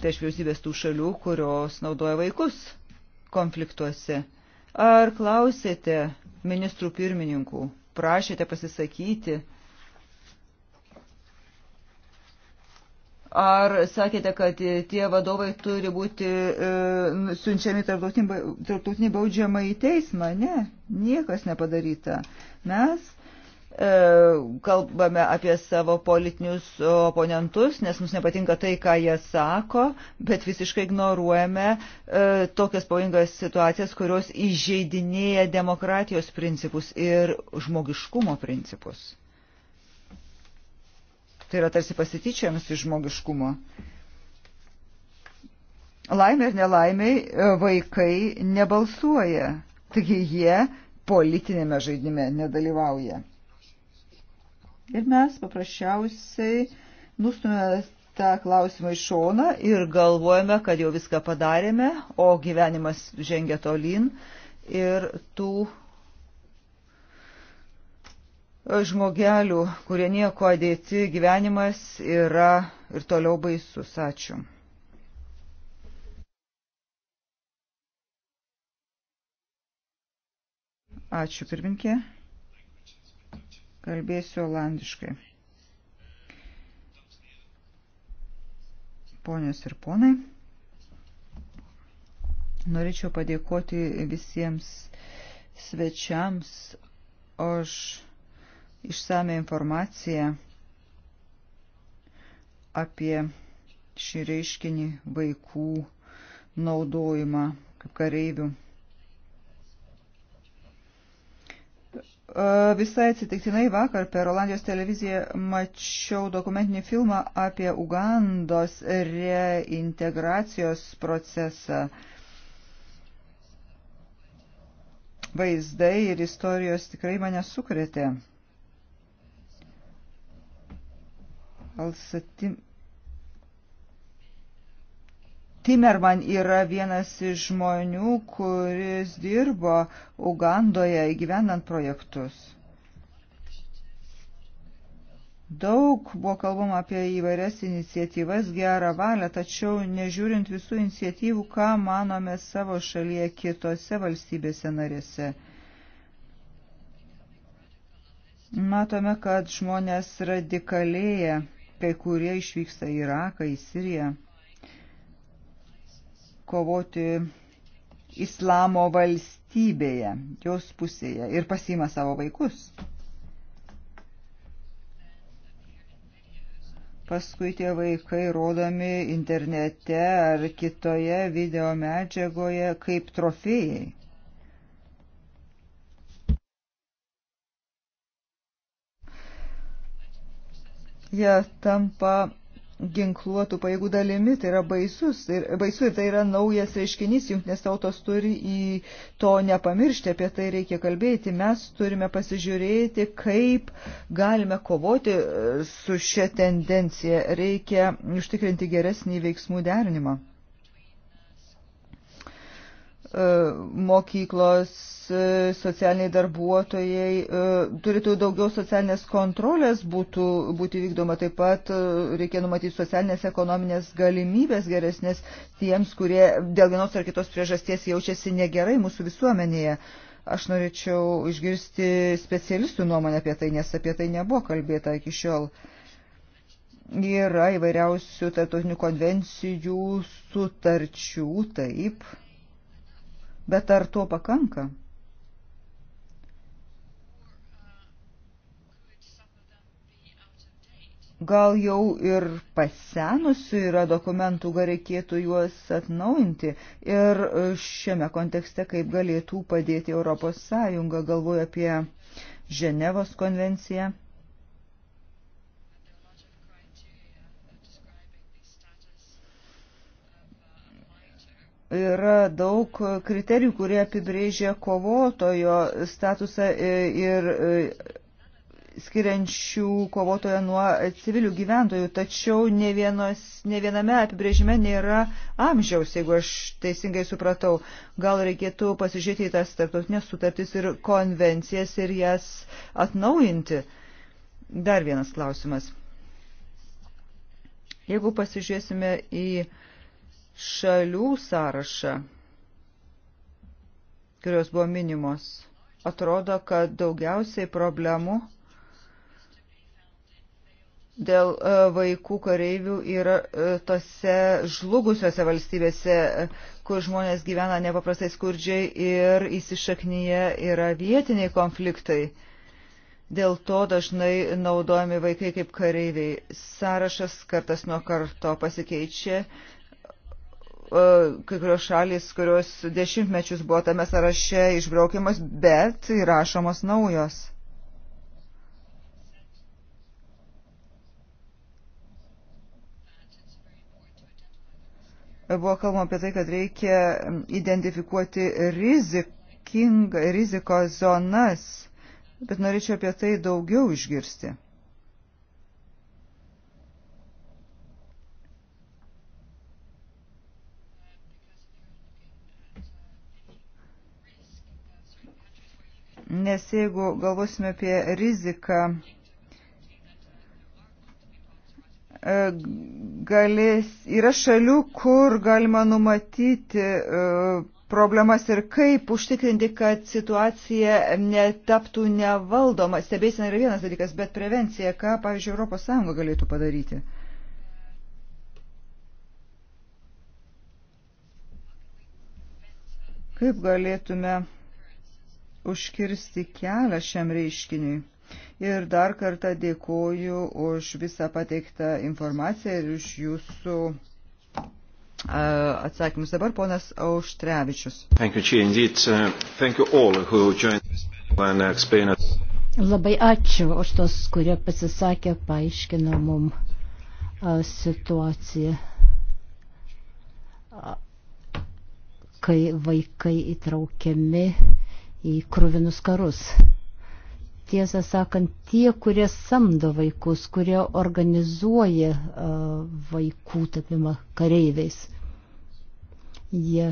prieš vyriausybės tų šalių, kurios naudoja vaikus konfliktuose? Ar klausėte ministrų pirmininkų, prašėte pasisakyti? Ar sakėte, kad tie vadovai turi būti e, siunčiami tarptautinį baudžiamą į teismą? Ne, niekas nepadaryta. Mes e, kalbame apie savo politinius oponentus, nes mums nepatinka tai, ką jie sako, bet visiškai ignoruojame e, tokias pavojingas situacijas, kurios įžeidinėja demokratijos principus ir žmogiškumo principus. Tai yra tarsi pasityčiamis iš žmogiškumo. Laimė ir nelaimiai e, vaikai nebalsuoja, taigi jie politinėme žaidime nedalyvauja. Ir mes paprasčiausiai nustumėme tą klausimą į šoną ir galvojame, kad jau viską padarėme, o gyvenimas žengia tolyn ir tų žmogelių, kurie nieko dėti, gyvenimas yra ir toliau baisus. Ačiū. Ačiū, pirminkė. Kalbėsiu olandiškai. Ponios ir ponai, norėčiau padėkoti visiems svečiams už. Aš išsame informaciją apie šį reiškinį vaikų naudojimą kaip kareivių. Visai atsitiktinai vakar per Olandijos televiziją mačiau dokumentinį filmą apie Ugandos reintegracijos procesą. Vaizdai ir istorijos tikrai mane sukretė. Alsatim. Timerman yra vienas iš žmonių, kuris dirbo Ugandoje įgyvendant projektus. Daug buvo kalbama apie įvairias iniciatyvas gerą valią, tačiau nežiūrint visų iniciatyvų, ką manome savo šalyje kitose valstybėse narėse. Matome, kad žmonės radikalėja kai kurie išvyksta į Iraką, į Siriją kovoti islamo valstybėje, jos pusėje ir pasima savo vaikus. Paskui tie vaikai rodomi internete ar kitoje video medžiagoje kaip trofėjai. jie tampa ginkluotų pajėgų dalimi, tai yra baisus ir, baisu ir tai yra naujas reiškinys, jungtinės tautos turi į to nepamiršti, apie tai reikia kalbėti, mes turime pasižiūrėti, kaip galime kovoti e, su šia tendencija, reikia užtikrinti geresnį veiksmų derinimą. E, mokyklos, e, socialiniai darbuotojai, e, turėtų daugiau socialinės kontrolės būtų, būti vykdoma, taip pat reikia numatyti socialinės ekonominės galimybės geresnės tiems, kurie dėl vienos ar kitos priežasties jaučiasi negerai mūsų visuomenėje. Aš norėčiau išgirsti specialistų nuomonę apie tai, nes apie tai nebuvo kalbėta iki šiol yra įvairiausių tarptautinių konvencijų, sutarčių, taip, Bet ar to pakanka? Gal jau ir pasenusių yra dokumentų, gal reikėtų juos atnaujinti ir šiame kontekste kaip galėtų padėti Europos Sąjunga, galvoju apie Ženevos konvenciją. Yra daug kriterijų, kurie apibrėžia kovotojo statusą e, ir e, skiriančių kovotoje nuo civilių gyventojų, tačiau ne, vienos, ne viename apibrėžime nėra amžiaus, jeigu aš teisingai supratau. Gal reikėtų pasižiūrėti į tas tarptautinės sutartys ir konvencijas ir jas atnaujinti. Dar vienas klausimas. Jeigu pasižiūrėsime į uh, šalių sąrašą, kurios buvo minimos, atrodo, kad daugiausiai problemų dėl e, vaikų kareivių yra e, tose žlugusiose valstybėse, kur žmonės gyvena nepaprastai skurdžiai ir įsišaknyje yra vietiniai konfliktai. Dėl to dažnai naudojami vaikai kaip kareiviai. Sąrašas kartas nuo karto pasikeičia E, kai kurios šalis, kurios dešimtmečius buvo tame sąraše išbraukiamas, bet įrašomos naujos. Buvo kalbama apie tai, kad reikia identifikuoti riziking, rizikos zonas, bet norėčiau apie tai daugiau išgirsti. Nes jeigu galvosime apie riziką, e, galės, yra šalių, kur galima numatyti e, problemas ir kaip užtikrinti, kad situacija netaptų nevaldoma. Stebėsina yra vienas dalykas, bet prevencija, ką, pavyzdžiui, ES galėtų padaryti. Kaip galėtume užkirsti kelią šiam reiškiniui. Ir dar kartą dėkoju už visą pateiktą informaciją ir už jūsų atsakymus. Dabar ponas Auštrevičius. Uh, Labai ačiū už tos, kurie pasisakė, paaiškino mum situaciją, kai vaikai įtraukiami į krūvinus karus. Tiesą sakant, tie, kurie samdo vaikus, kurie organizuoja vaikų tapimą kareiviais, jie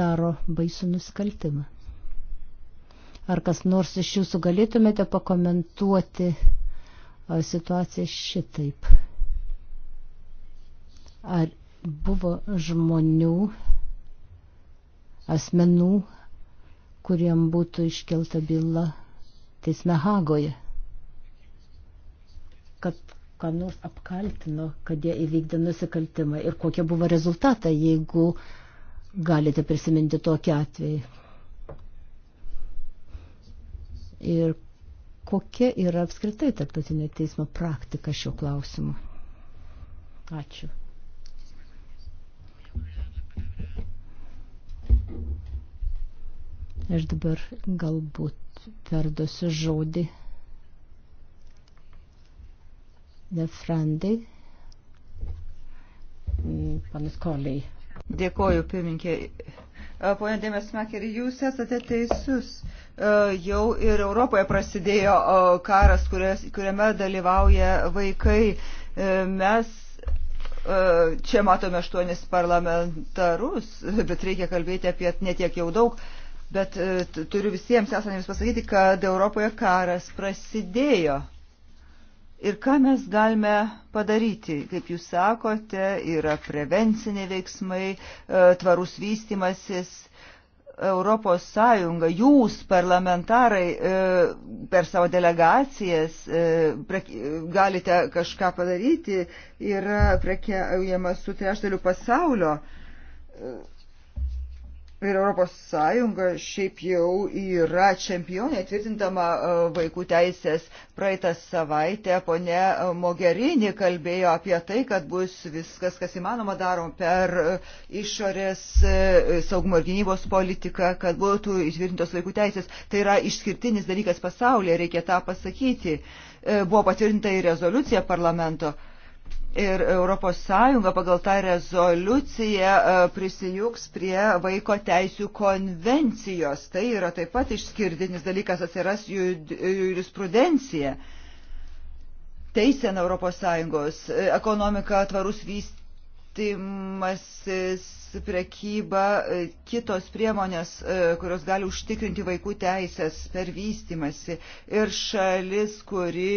daro baisų nusikaltimą. Ar kas nors iš jūsų galėtumėte pakomentuoti situaciją šitaip? Ar buvo žmonių, asmenų, kuriem būtų iškelta byla teisme Hagoje, kad ką nors apkaltino, kad jie įvykdė nusikaltimą ir kokie buvo rezultatai, jeigu galite prisiminti tokį atvejį. Ir kokia yra apskritai tarptautinė teismo praktika šiuo klausimu. Ačiū. Aš dabar galbūt perduosiu žodį Nefrandai, mm, panas Koliai. Dėkoju, pirminkė. E, Pone Dėmesmaker, jūs esate teisus. E, jau ir Europoje prasidėjo e, karas, kuriame dalyvauja vaikai. Mes čia matome aštuonis parlamentarus, bet reikia kalbėti apie netiek jau daug. Bet e, turiu visiems esantiems pasakyti, kad Europoje karas prasidėjo. Ir ką mes galime padaryti, kaip jūs sakote, yra prevenciniai veiksmai, e, tvarus vystimasis. Europos Sąjunga, jūs parlamentarai e, per savo delegacijas galite kažką padaryti, yra prekiaujama su trešdaliu pasaulio Ir Europos Sąjunga šiaip jau yra čempionė tvirtintama e, vaikų teisės. Praeitą savaitę ponė e, Mogerini kalbėjo apie tai, kad bus viskas, kas įmanoma darom per e, išorės saugumo ir gynybos politiką, kad būtų įtvirtintos vaikų teisės. Tai yra išskirtinis dalykas pasaulyje, reikia tą pasakyti. Buvo patvirtinta ir rezoliucija parlamento ir ES pagal tą rezoliuciją e, prisijungs prie vaiko teisų konvencijos. Tai yra taip pat išskirtinis dalykas, atsiras jurisprudencija. Teisėna ES, e, ekonomika, tvarus vystimasis, prekyba, e, kitos priemonės, kurios gali užtikrinti vaikų teisės per vystimasi. Ir šalis, kuri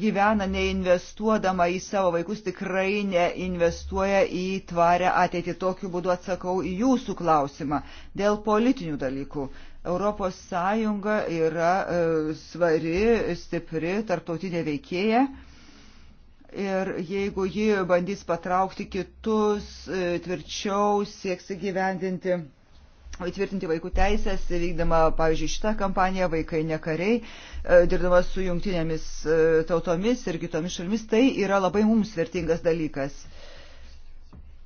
gyvena neinvestuodama į savo vaikus, tikrai neinvestuoja į tvarę ateitį. Tokiu būdu atsakau į jūsų klausimą dėl politinių dalykų. Europos Sąjunga yra e, svari, stipri, tarptautinė veikėja. Ir jeigu ji bandys patraukti kitus, e, tvirčiau sieks įgyvendinti įtvirtinti vaikų teisės, vykdama, pavyzdžiui, šitą kampaniją Vaikai nekariai, e, dirbdama su jungtinėmis e, tautomis ir kitomis šalimis, tai yra labai mums vertingas dalykas.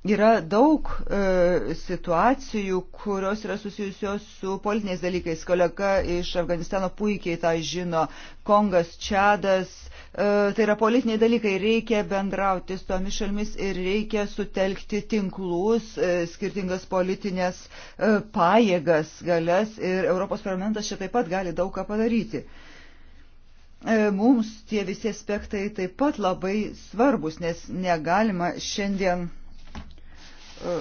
Yra daug e, situacijų, kurios yra susijusios su politiniais dalykais. Kolega iš Afganistano puikiai tą žino. Kongas, Čadas, e, tai yra politiniai dalykai. Reikia bendrauti su tomis šalmis ir reikia sutelkti tinklus, e, skirtingas politinės e, pajėgas, galės ir Europos parlamentas čia taip pat gali daug ką padaryti. E, mums tie visi aspektai taip pat labai svarbus, nes negalima šiandien E,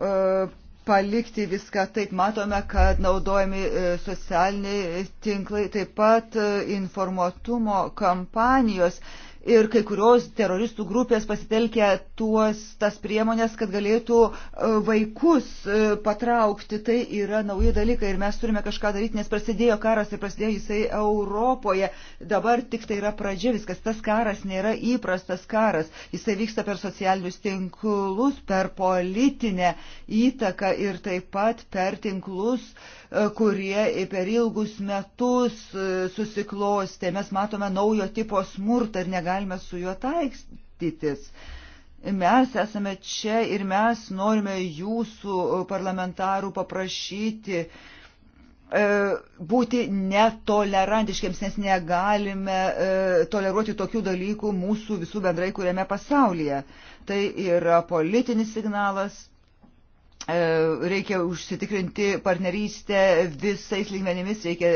e, palikti viską taip. Matome, kad naudojami e, socialiniai tinklai, taip pat informuotumo kampanijos ir kai kurios teroristų grupės pasitelkia tuos, tas priemonės, kad galėtų e, vaikus e, patraukti. Tai yra nauji dalykai ir mes turime kažką daryti, nes prasidėjo karas ir prasidėjo jisai Europoje. Dabar tik tai yra pradžia viskas. Tas karas nėra įprastas karas. Jisai vyksta per socialinius tinklus, per politinę įtaką ir taip pat per tinklus E, kurie per ilgus metus e, susiklostė. Mes matome naujo tipo smurtą ir negalime su juo taikstytis. Mes esame čia ir mes norime jūsų e, parlamentarų paprašyti būti netolerantiškiams, nes negalime toleruoti tokių dalykų mūsų visų bendrai kuriame pasaulyje. Tai yra politinis signalas, E, reikia užsitikrinti partnerystę visais lygmenimis, reikia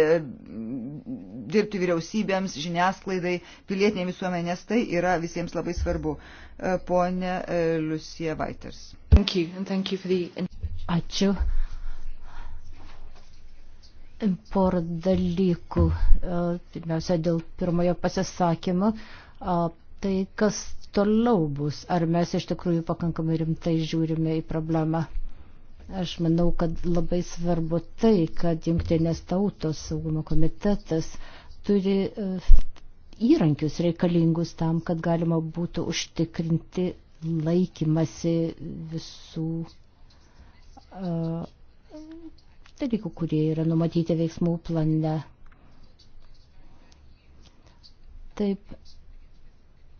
dirbti vyriausybėms, žiniasklaidai, pilietiniai visuomenės, tai yra visiems labai svarbu. E, Pone Liucija Vaiters. Ačiū. Porą dalykų. E, pirmiausia, dėl pirmojo pasisakymo. Tai kas toliau bus? Ar mes iš tikrųjų pakankamai rimtai žiūrime į problemą? Aš manau, kad labai svarbu tai, kad Junktinės tautos saugumo komitetas turi e, įrankius reikalingus tam, kad galima būtų užtikrinti laikymasi visų e, dalykų, kurie yra numatyti veiksmų plane. Taip,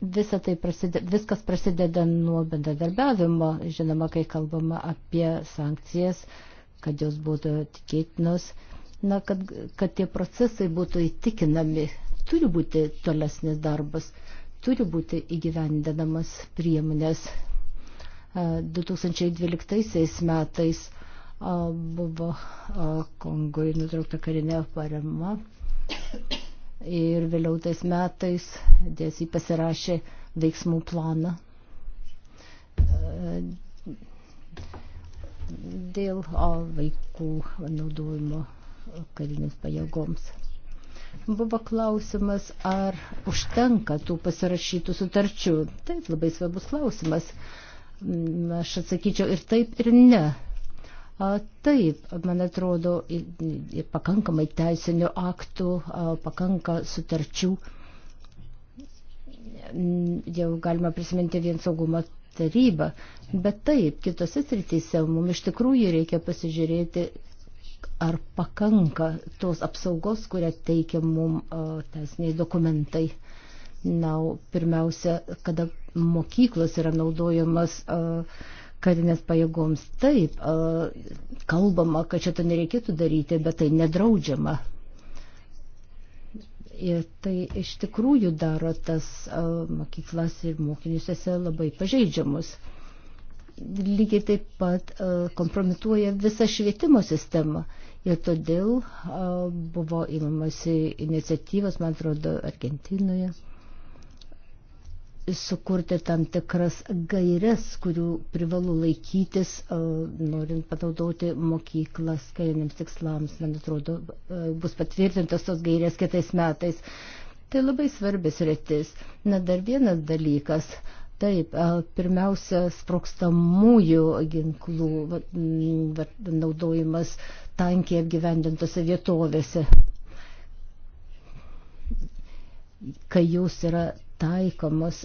Visa tai prasideda, viskas prasideda nuo bendradarbiavimo, žinoma, kai kalbama apie sankcijas, kad jos būtų tikėtinos, na, kad, kad tie procesai būtų įtikinami, turi būti tolesnis darbas, turi būti įgyvendinamas priemonės. 2012 metais buvo Kongui nutraukta karinė parama ir vėliau tais metais DSI pasirašė veiksmų planą dėl vaikų naudojimo karinėms pajėgoms. Buvo klausimas, ar užtenka tų pasirašytų sutarčių. Taip, labai svarbus klausimas. Aš atsakyčiau ir taip, ir ne. Taip, man atrodo, pakankamai teisinių aktų, pakanka sutarčių. Jau galima prisiminti vien saugumo tarybą. Bet taip, kitose srityse mums iš tikrųjų reikia pasižiūrėti, ar pakanka tos apsaugos, kurią teikia mums teisiniai dokumentai. Na, pirmiausia, kada mokyklos yra naudojamas. Uh, karinės pajėgoms. Taip, kalbama, kad šito nereikėtų daryti, bet tai nedraudžiama. Ir tai iš tikrųjų daro tas mokyklas ir mokiniuose labai pažeidžiamus. Lygiai taip pat kompromituoja visą švietimo sistemą. Ir todėl buvo įmamasi iniciatyvas, man atrodo, Argentinoje sukurti tam tikras gairias, kurių privalu laikytis, e, norint panaudoti mokyklą skainiams tikslams. Man atrodo, e, bus patvirtintos tos gairės kitais metais. Tai labai svarbis rytis. Na, dar vienas dalykas. Taip, e, pirmiausia, sprokstamųjų ginklų naudojimas tankiai apgyvendintose vietovėse. Kai jūs yra taikomos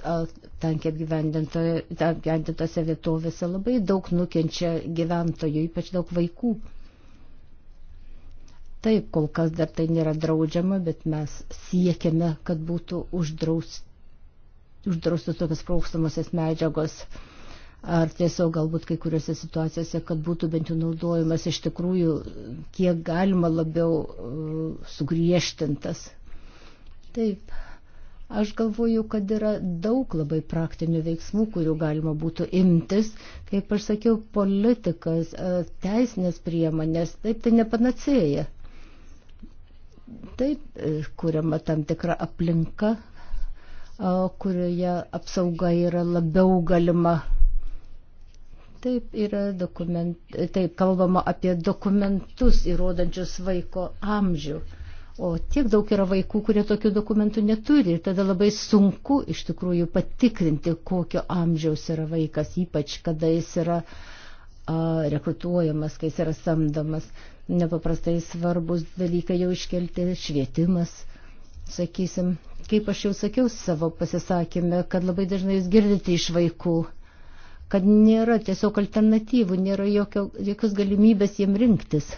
tankiai apgyvendintose vietovėse labai daug nukenčia gyventojų, ypač daug vaikų. Taip, kol kas dar tai nėra draudžiama, bet mes siekiame, kad būtų uždraust, uždraustos tokios sprogstamosios medžiagos ar tiesiog galbūt kai kuriuose situacijose, kad būtų bent jau naudojimas iš tikrųjų kiek galima labiau uh, sugriežtintas. Taip Aš galvoju, kad yra daug labai praktinių veiksmų, kurių galima būtų imtis. Kaip aš sakiau, politikas, e, teisinės priemonės, taip tai nepanacėja. Taip, e, kuriama tam tikra aplinka, e, kurioje apsauga yra labiau galima. Taip, yra dokument, taip, kalbama apie dokumentus įrodančius vaiko amžių. O tiek daug yra vaikų, kurie tokių dokumentų neturi ir tada labai sunku iš tikrųjų patikrinti, kokio amžiaus yra vaikas, ypač kada jis yra a, rekrutuojamas, kai jis yra samdomas. Nepaprastai svarbus dalykai jau iškelti švietimas, sakysim. Kaip aš jau sakiau savo pasisakymę, kad labai dažnai jūs girdite iš vaikų, kad nėra tiesiog alternatyvų, nėra jokio, jokios galimybės jiem rinktis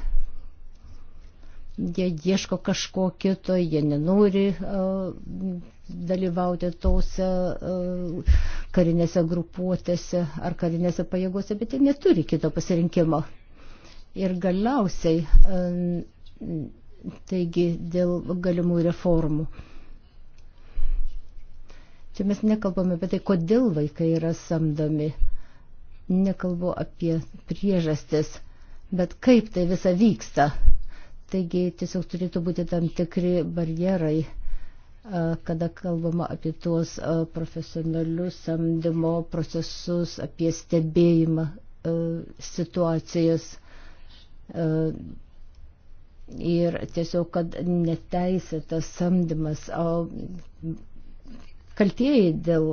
jie ieško kažko kito, jie nenori dalyvauti tose karinėse grupuotėse ar karinėse pajėgose, bet jie neturi kito pasirinkimo. Ir galiausiai, taigi, dėl galimų reformų. Čia mes nekalbame apie tai, kodėl vaikai yra samdomi. Nekalbu apie priežastis, bet kaip tai visa vyksta. Taigi tiesiog turėtų būti tam tikri barjerai, kada kalbama apie tuos profesionalius samdymo procesus, apie stebėjimą situacijas. Ir tiesiog, kad neteisėtas samdymas kaltieji dėl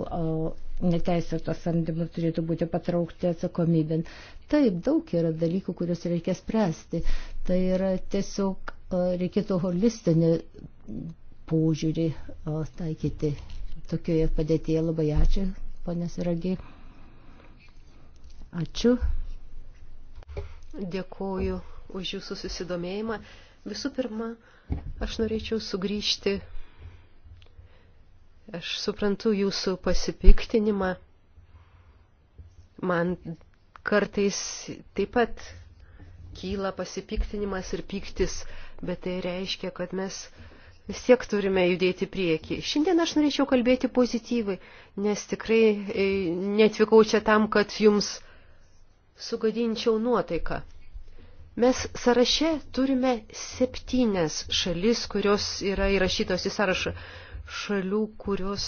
neteisėto samdymo turėtų būti patraukti atsakomybin. Taip, daug yra dalykų, kuriuos reikia spręsti. Tai yra tiesiog reikėtų holistinį požiūrį taikyti. Tokioje padėtyje labai ačiū, ponės Ragiai. Ačiū. Dėkuoju už jūsų susidomėjimą. Visų pirma, aš norėčiau sugrįžti Aš suprantu jūsų pasipiktinimą. Man kartais taip pat kyla pasipiktinimas ir pyktis, bet tai reiškia, kad mes vis tiek turime judėti prieki. Šiandien aš norėčiau kalbėti pozityvai, nes tikrai e, netvykau čia tam, kad jums sugadinčiau nuotaiką. Mes sąraše turime septynias šalis, kurios yra įrašytos į sąrašą šalių, kurios,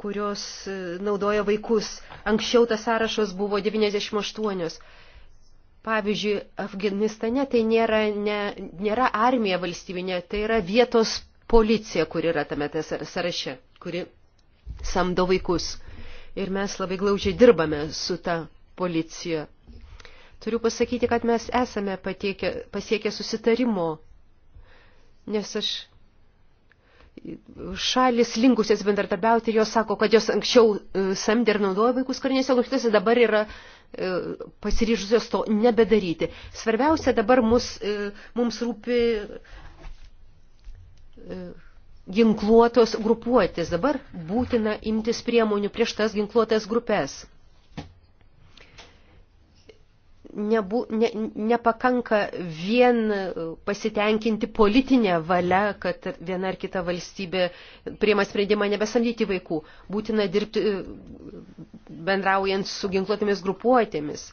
kurios e, naudoja vaikus. Anksčiau tas sąrašas buvo 98. Pavyzdžiui, Afganistane tai nėra, ne, nėra armija valstybinė, tai yra vietos policija, kuri yra tame sąraše, kuri samdo vaikus. Ir mes labai glaužiai dirbame su ta policija. Turiu pasakyti, kad mes esame patiekę, pasiekę susitarimo Nes aš šalis linkusias bendradarbiauti, jos sako, kad jos anksčiau e, samdė ir naudojo vaikus karinėse konfliktuose, dabar yra e, pasiryžusios to nebedaryti. Svarbiausia dabar mus, e, mums rūpi ginkluotos grupuotės. Dabar būtina imtis priemonių prieš tas ginkluotas grupės nebu, ne, nepakanka vien pasitenkinti politinę valią, kad viena ar kita valstybė priema sprendimą nebesamdyti vaikų. Būtina dirbti bendraujant su ginkluotėmis grupuotėmis.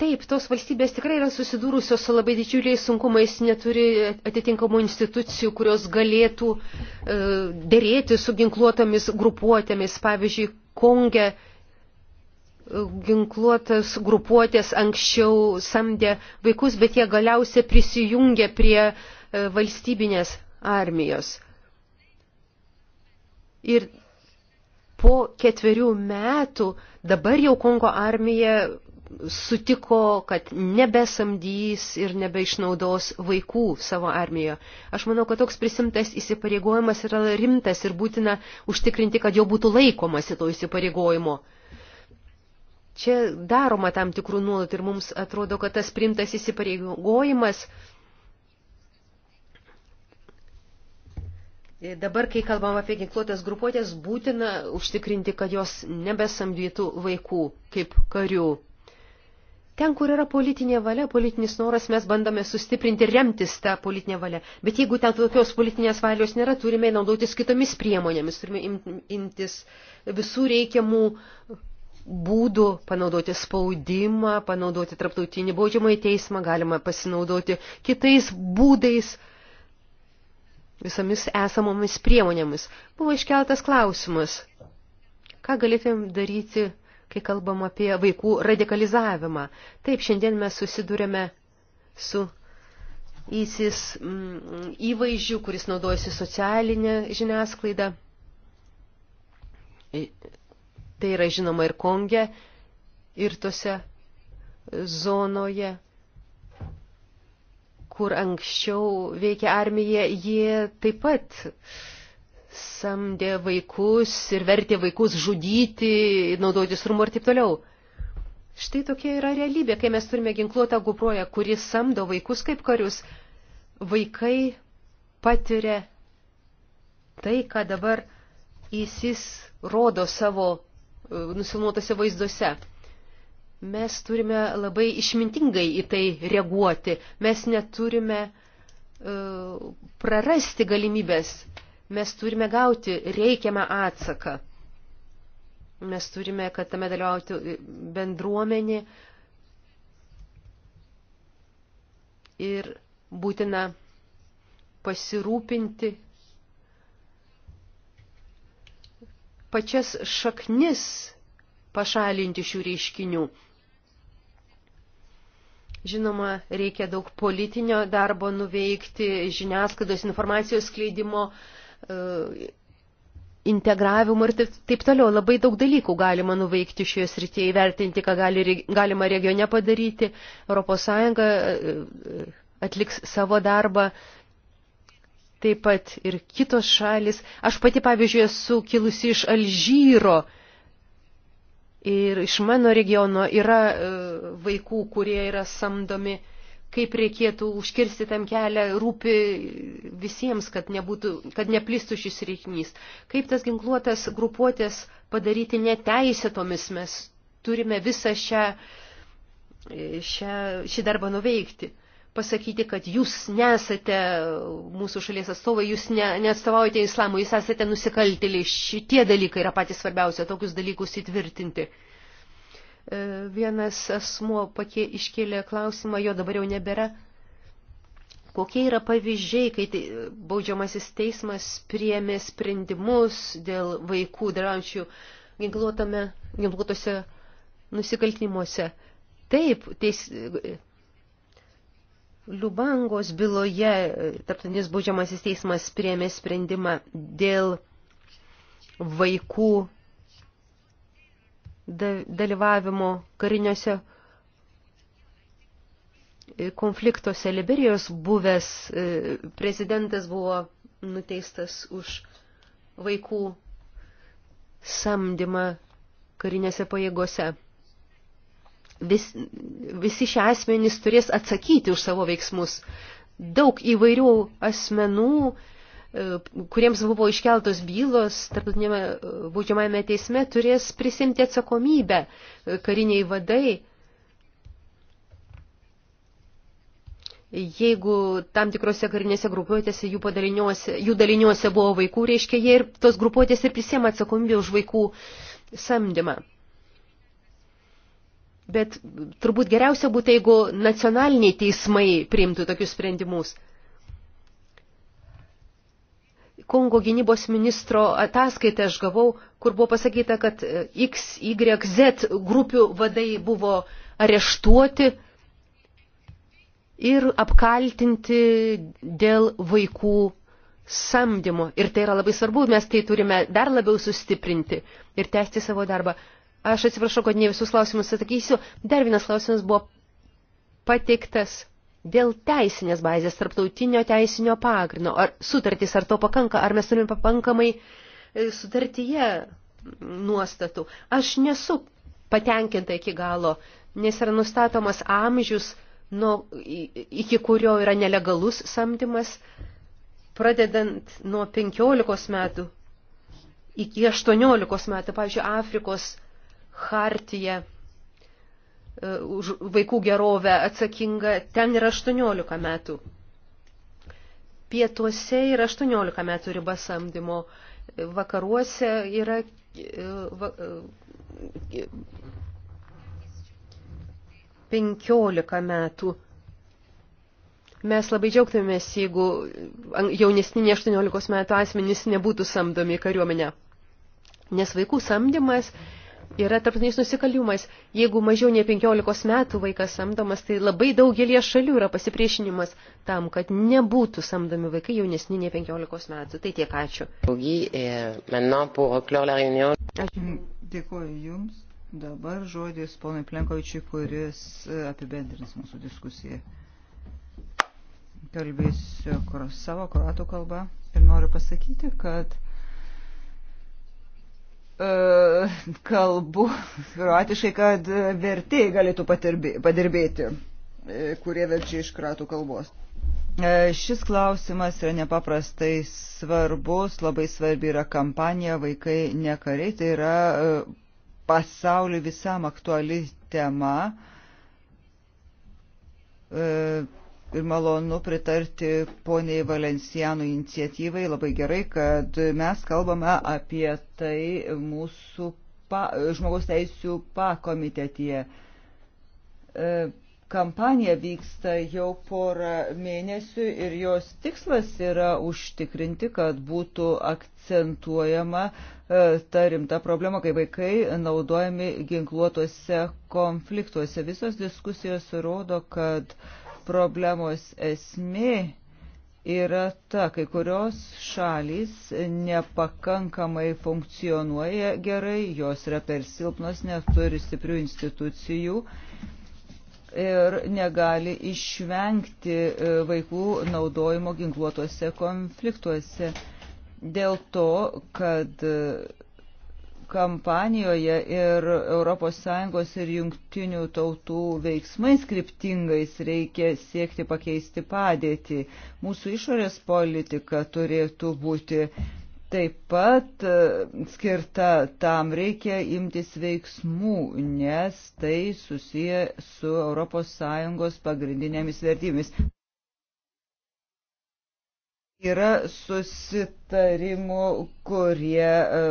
Taip, tos valstybės tikrai yra susidūrusios su labai didžiuliais sunkumais, neturi atitinkamų institucijų, kurios galėtų e, dėrėti su ginkluotomis grupuotėmis. Pavyzdžiui, Konge e, ginkluotas grupuotės anksčiau samdė vaikus, bet jie galiausiai prisijungė prie e, valstybinės armijos. Ir po ketverių metų dabar jau Kongo armija sutiko, kad nebesamdys ir nebeišnaudos vaikų savo armijoje. Aš manau, kad toks prisimtas įsipareigojimas yra rimtas ir būtina užtikrinti, kad jo būtų laikomasi to įsipareigojimo. Čia daroma tam tikrų nuolat ir mums atrodo, kad tas primtas įsipareigojimas e, Dabar, kai kalbam apie ginkluotas grupuotės, būtina užtikrinti, kad jos nebesamdytų vaikų kaip karių. Ten, kur yra politinė valia, politinis noras, mes bandome sustiprinti ir remtis tą politinę valią. Bet jeigu ten tokios politinės valios nėra, turime naudotis kitomis priemonėmis, turime imtis visų reikiamų būdų panaudoti spaudimą, panaudoti traptautinį baudžiamąjį teismą, galima pasinaudoti kitais būdais, visomis esamomis priemonėmis. Buvo iškeltas klausimas, ką galėtum daryti, kai kalbam apie vaikų radikalizavimą. Taip, šiandien mes susidurėme su įsis mm, įvaizdžiu, kuris naudojasi socialinę žiniasklaidą Tai yra žinoma ir Konge, ir tose zonoje, kur anksčiau veikia armija, jie taip pat samdė vaikus ir vertė vaikus žudyti, naudotis rumu ir taip toliau. Štai tokia yra realybė, kai mes turime ginkluotą guproją, kuris samdo vaikus kaip karius. Vaikai patiria tai, ką dabar įsis rodo savo nusilmuotose vaizduose. Mes turime labai išmintingai į tai reaguoti. Mes neturime uh, prarasti galimybės. Mes turime gauti reikiamą atsaką. Mes turime, kad tame dalyvauti bendruomenį. Ir būtina pasirūpinti, pačias šaknis pašalinti šių reiškinių. Žinoma, reikia daug politinio darbo nuveikti, žiniasklaidos informacijos skleidimo, e, integravimo ir taip, taip toliau. Labai daug dalykų galima nuveikti šioje srityje, įvertinti, ką gali, galima regione padaryti. ES e, e, atliks savo darbą, taip pat ir kitos šalis. Aš pati, pavyzdžiui, esu kilusi iš Alžyro ir iš mano regiono yra e, vaikų, kurie yra samdomi, kaip reikėtų užkirsti tam kelią, rūpi visiems, kad, nebūtų, kad neplistų šis reikinys. Kaip tas ginkluotas grupuotės padaryti neteisėtomis, mes turime visą šią, e, šią, šį darbą nuveikti pasakyti, kad jūs nesate mūsų šalies atstovai, jūs ne, neatstovaujate islamui, jūs esate nusikaltėliai. Šitie dalykai yra patys svarbiausia, tokius dalykus įtvirtinti. E, vienas asmuo pakė, iškėlė klausimą, jo dabar jau nebėra. Kokie yra pavyzdžiai, kai tai, baudžiamasis teismas priėmė sprendimus dėl vaikų dalyvaujančių ginkluotose nusikaltimuose? Taip, teis, Liubangos byloje e, Tarptautinis baudžiamasis teismas priėmė sprendimą dėl vaikų dalyvavimo kariniuose e, konfliktuose. Liberijos buvęs e, prezidentas buvo nuteistas už vaikų samdymą karinėse pajėgose vis, visi šie asmenys turės atsakyti už savo veiksmus. Daug įvairių asmenų, e, kuriems buvo iškeltos bylos, tarptautinėme e, baudžiamajame teisme turės prisimti atsakomybę e, kariniai vadai. Jeigu tam tikrose karinėse grupuotėse jų, jų daliniuose buvo vaikų, reiškia, jie ir tos grupuotės ir prisėmė atsakomybę už vaikų samdymą. Bet turbūt geriausia būtų, jeigu nacionaliniai teismai priimtų tokius sprendimus. Kongo gynybos ministro ataskaitą aš gavau, kur buvo pasakyta, kad e, X, Y, Z grupių vadai buvo areštuoti ir apkaltinti dėl vaikų samdymo. Ir tai yra labai svarbu, mes tai turime dar labiau sustiprinti ir tęsti savo darbą. Aš atsiprašau, kad ne visus klausimus atsakysiu. Dar vienas klausimas buvo pateiktas dėl teisinės bazės, tarptautinio teisinio pagrindo. Ar sutartys, ar to pakanka, ar mes turime pakankamai e, sutartyje nuostatų. Aš nesu patenkinta iki galo, nes yra nustatomas amžius, nuo, iki kurio yra nelegalus samdymas, pradedant nuo 15 metų iki 18 metų, pavyzdžiui, Afrikos hartiją e, už vaikų gerovę atsakinga, ten yra 18 metų. Pietuose yra 18 metų riba samdymo, e, vakaruose yra e, va, 15 metų. Mes labai džiaugtumės, jeigu jaunesni 18 metų asmenys nebūtų samdomi į kariuomenę. Nes vaikų samdymas mm yra tarptautiniais nusikaltimais. Jeigu mažiau nei 15 metų vaikas samdomas, tai labai daugelie šalių yra pasipriešinimas tam, kad nebūtų samdomi vaikai jaunesni nei 15 metų. Tai tiek ačiū. Ačiū. Dėkuoju Jums. Dabar žodis ponui Plenkovičiui, kuris e, apibendrins mūsų diskusiją. Kalbėsiu savo kuratų kalbą ir noriu pasakyti, kad E, kalbu kroatiškai, kad vertėjai galėtų padirbėti, e, kurie verčia iš kratų kalbos. E, šis klausimas yra nepaprastai svarbus, labai svarbi yra kampanija Vaikai nekariai, tai yra pasauliu visam aktuali tema ir malonu pritarti poniai Valencijanų iniciatyvai. Labai gerai, kad mes kalbame apie tai mūsų pa, žmogaus teisų pakomitetyje. E, kampanija vyksta jau porą mėnesių ir jos tikslas yra užtikrinti, kad būtų akcentuojama e, ta rimta problema, kai vaikai naudojami ginkluotose konfliktuose. Visos diskusijos rodo, kad uh, problemos esmė yra ta, kai kurios šalys nepakankamai funkcionuoja gerai, jos yra per silpnos, neturi stiprių institucijų ir negali išvengti e, vaikų naudojimo ginkluotuose konfliktuose. Dėl to, kad e, kampanijoje ir ES ir jungtinių tautų veiksmais kryptingais reikia siekti pakeisti padėtį. Mūsų išorės politika turėtų būti taip pat e, skirta tam reikia imtis veiksmų, nes tai susiję su ES pagrindinėmis vertybėmis yra susitarimų, kurie e,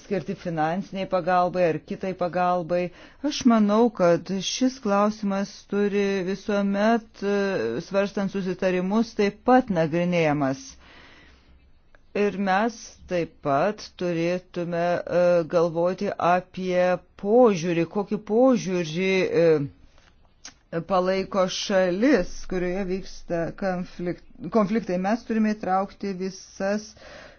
skirti finansiniai pagalbai ar kitai pagalbai. Aš manau, kad šis klausimas turi visuomet, e, svarstant susitarimus, taip pat nagrinėjamas. Ir mes taip pat turėtume e, galvoti apie požiūrį, kokį požiūrį e, palaiko šalis, kurioje vyksta konflikt, konfliktai. Mes turime įtraukti visas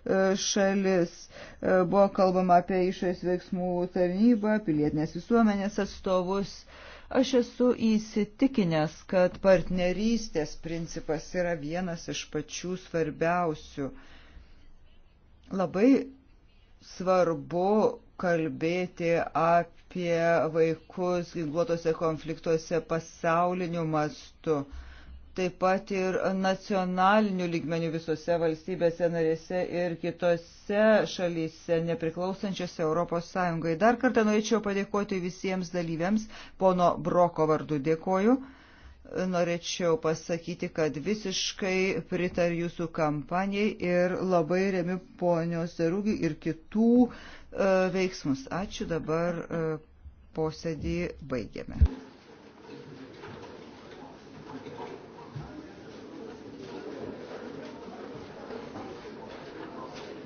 E, šalis. E, buvo kalbama apie išorės veiksmų tarnybą, pilietinės visuomenės atstovus. Aš esu įsitikinęs, kad partnerystės principas yra vienas iš pačių svarbiausių. Labai svarbu kalbėti apie vaikus ginkluotose konfliktuose pasauliniu mastu taip pat ir nacionalinių lygmenių visose valstybėse narėse ir kitose šalyse nepriklausančiose Europos Sąjungai. Dar kartą norėčiau padėkoti visiems dalyviams, pono Broko vardu dėkoju. Norėčiau pasakyti, kad visiškai pritar jūsų kampanijai ir labai remiu ponios Derūgį ir kitų e, veiksmus. Ačiū dabar e, posėdį baigiame.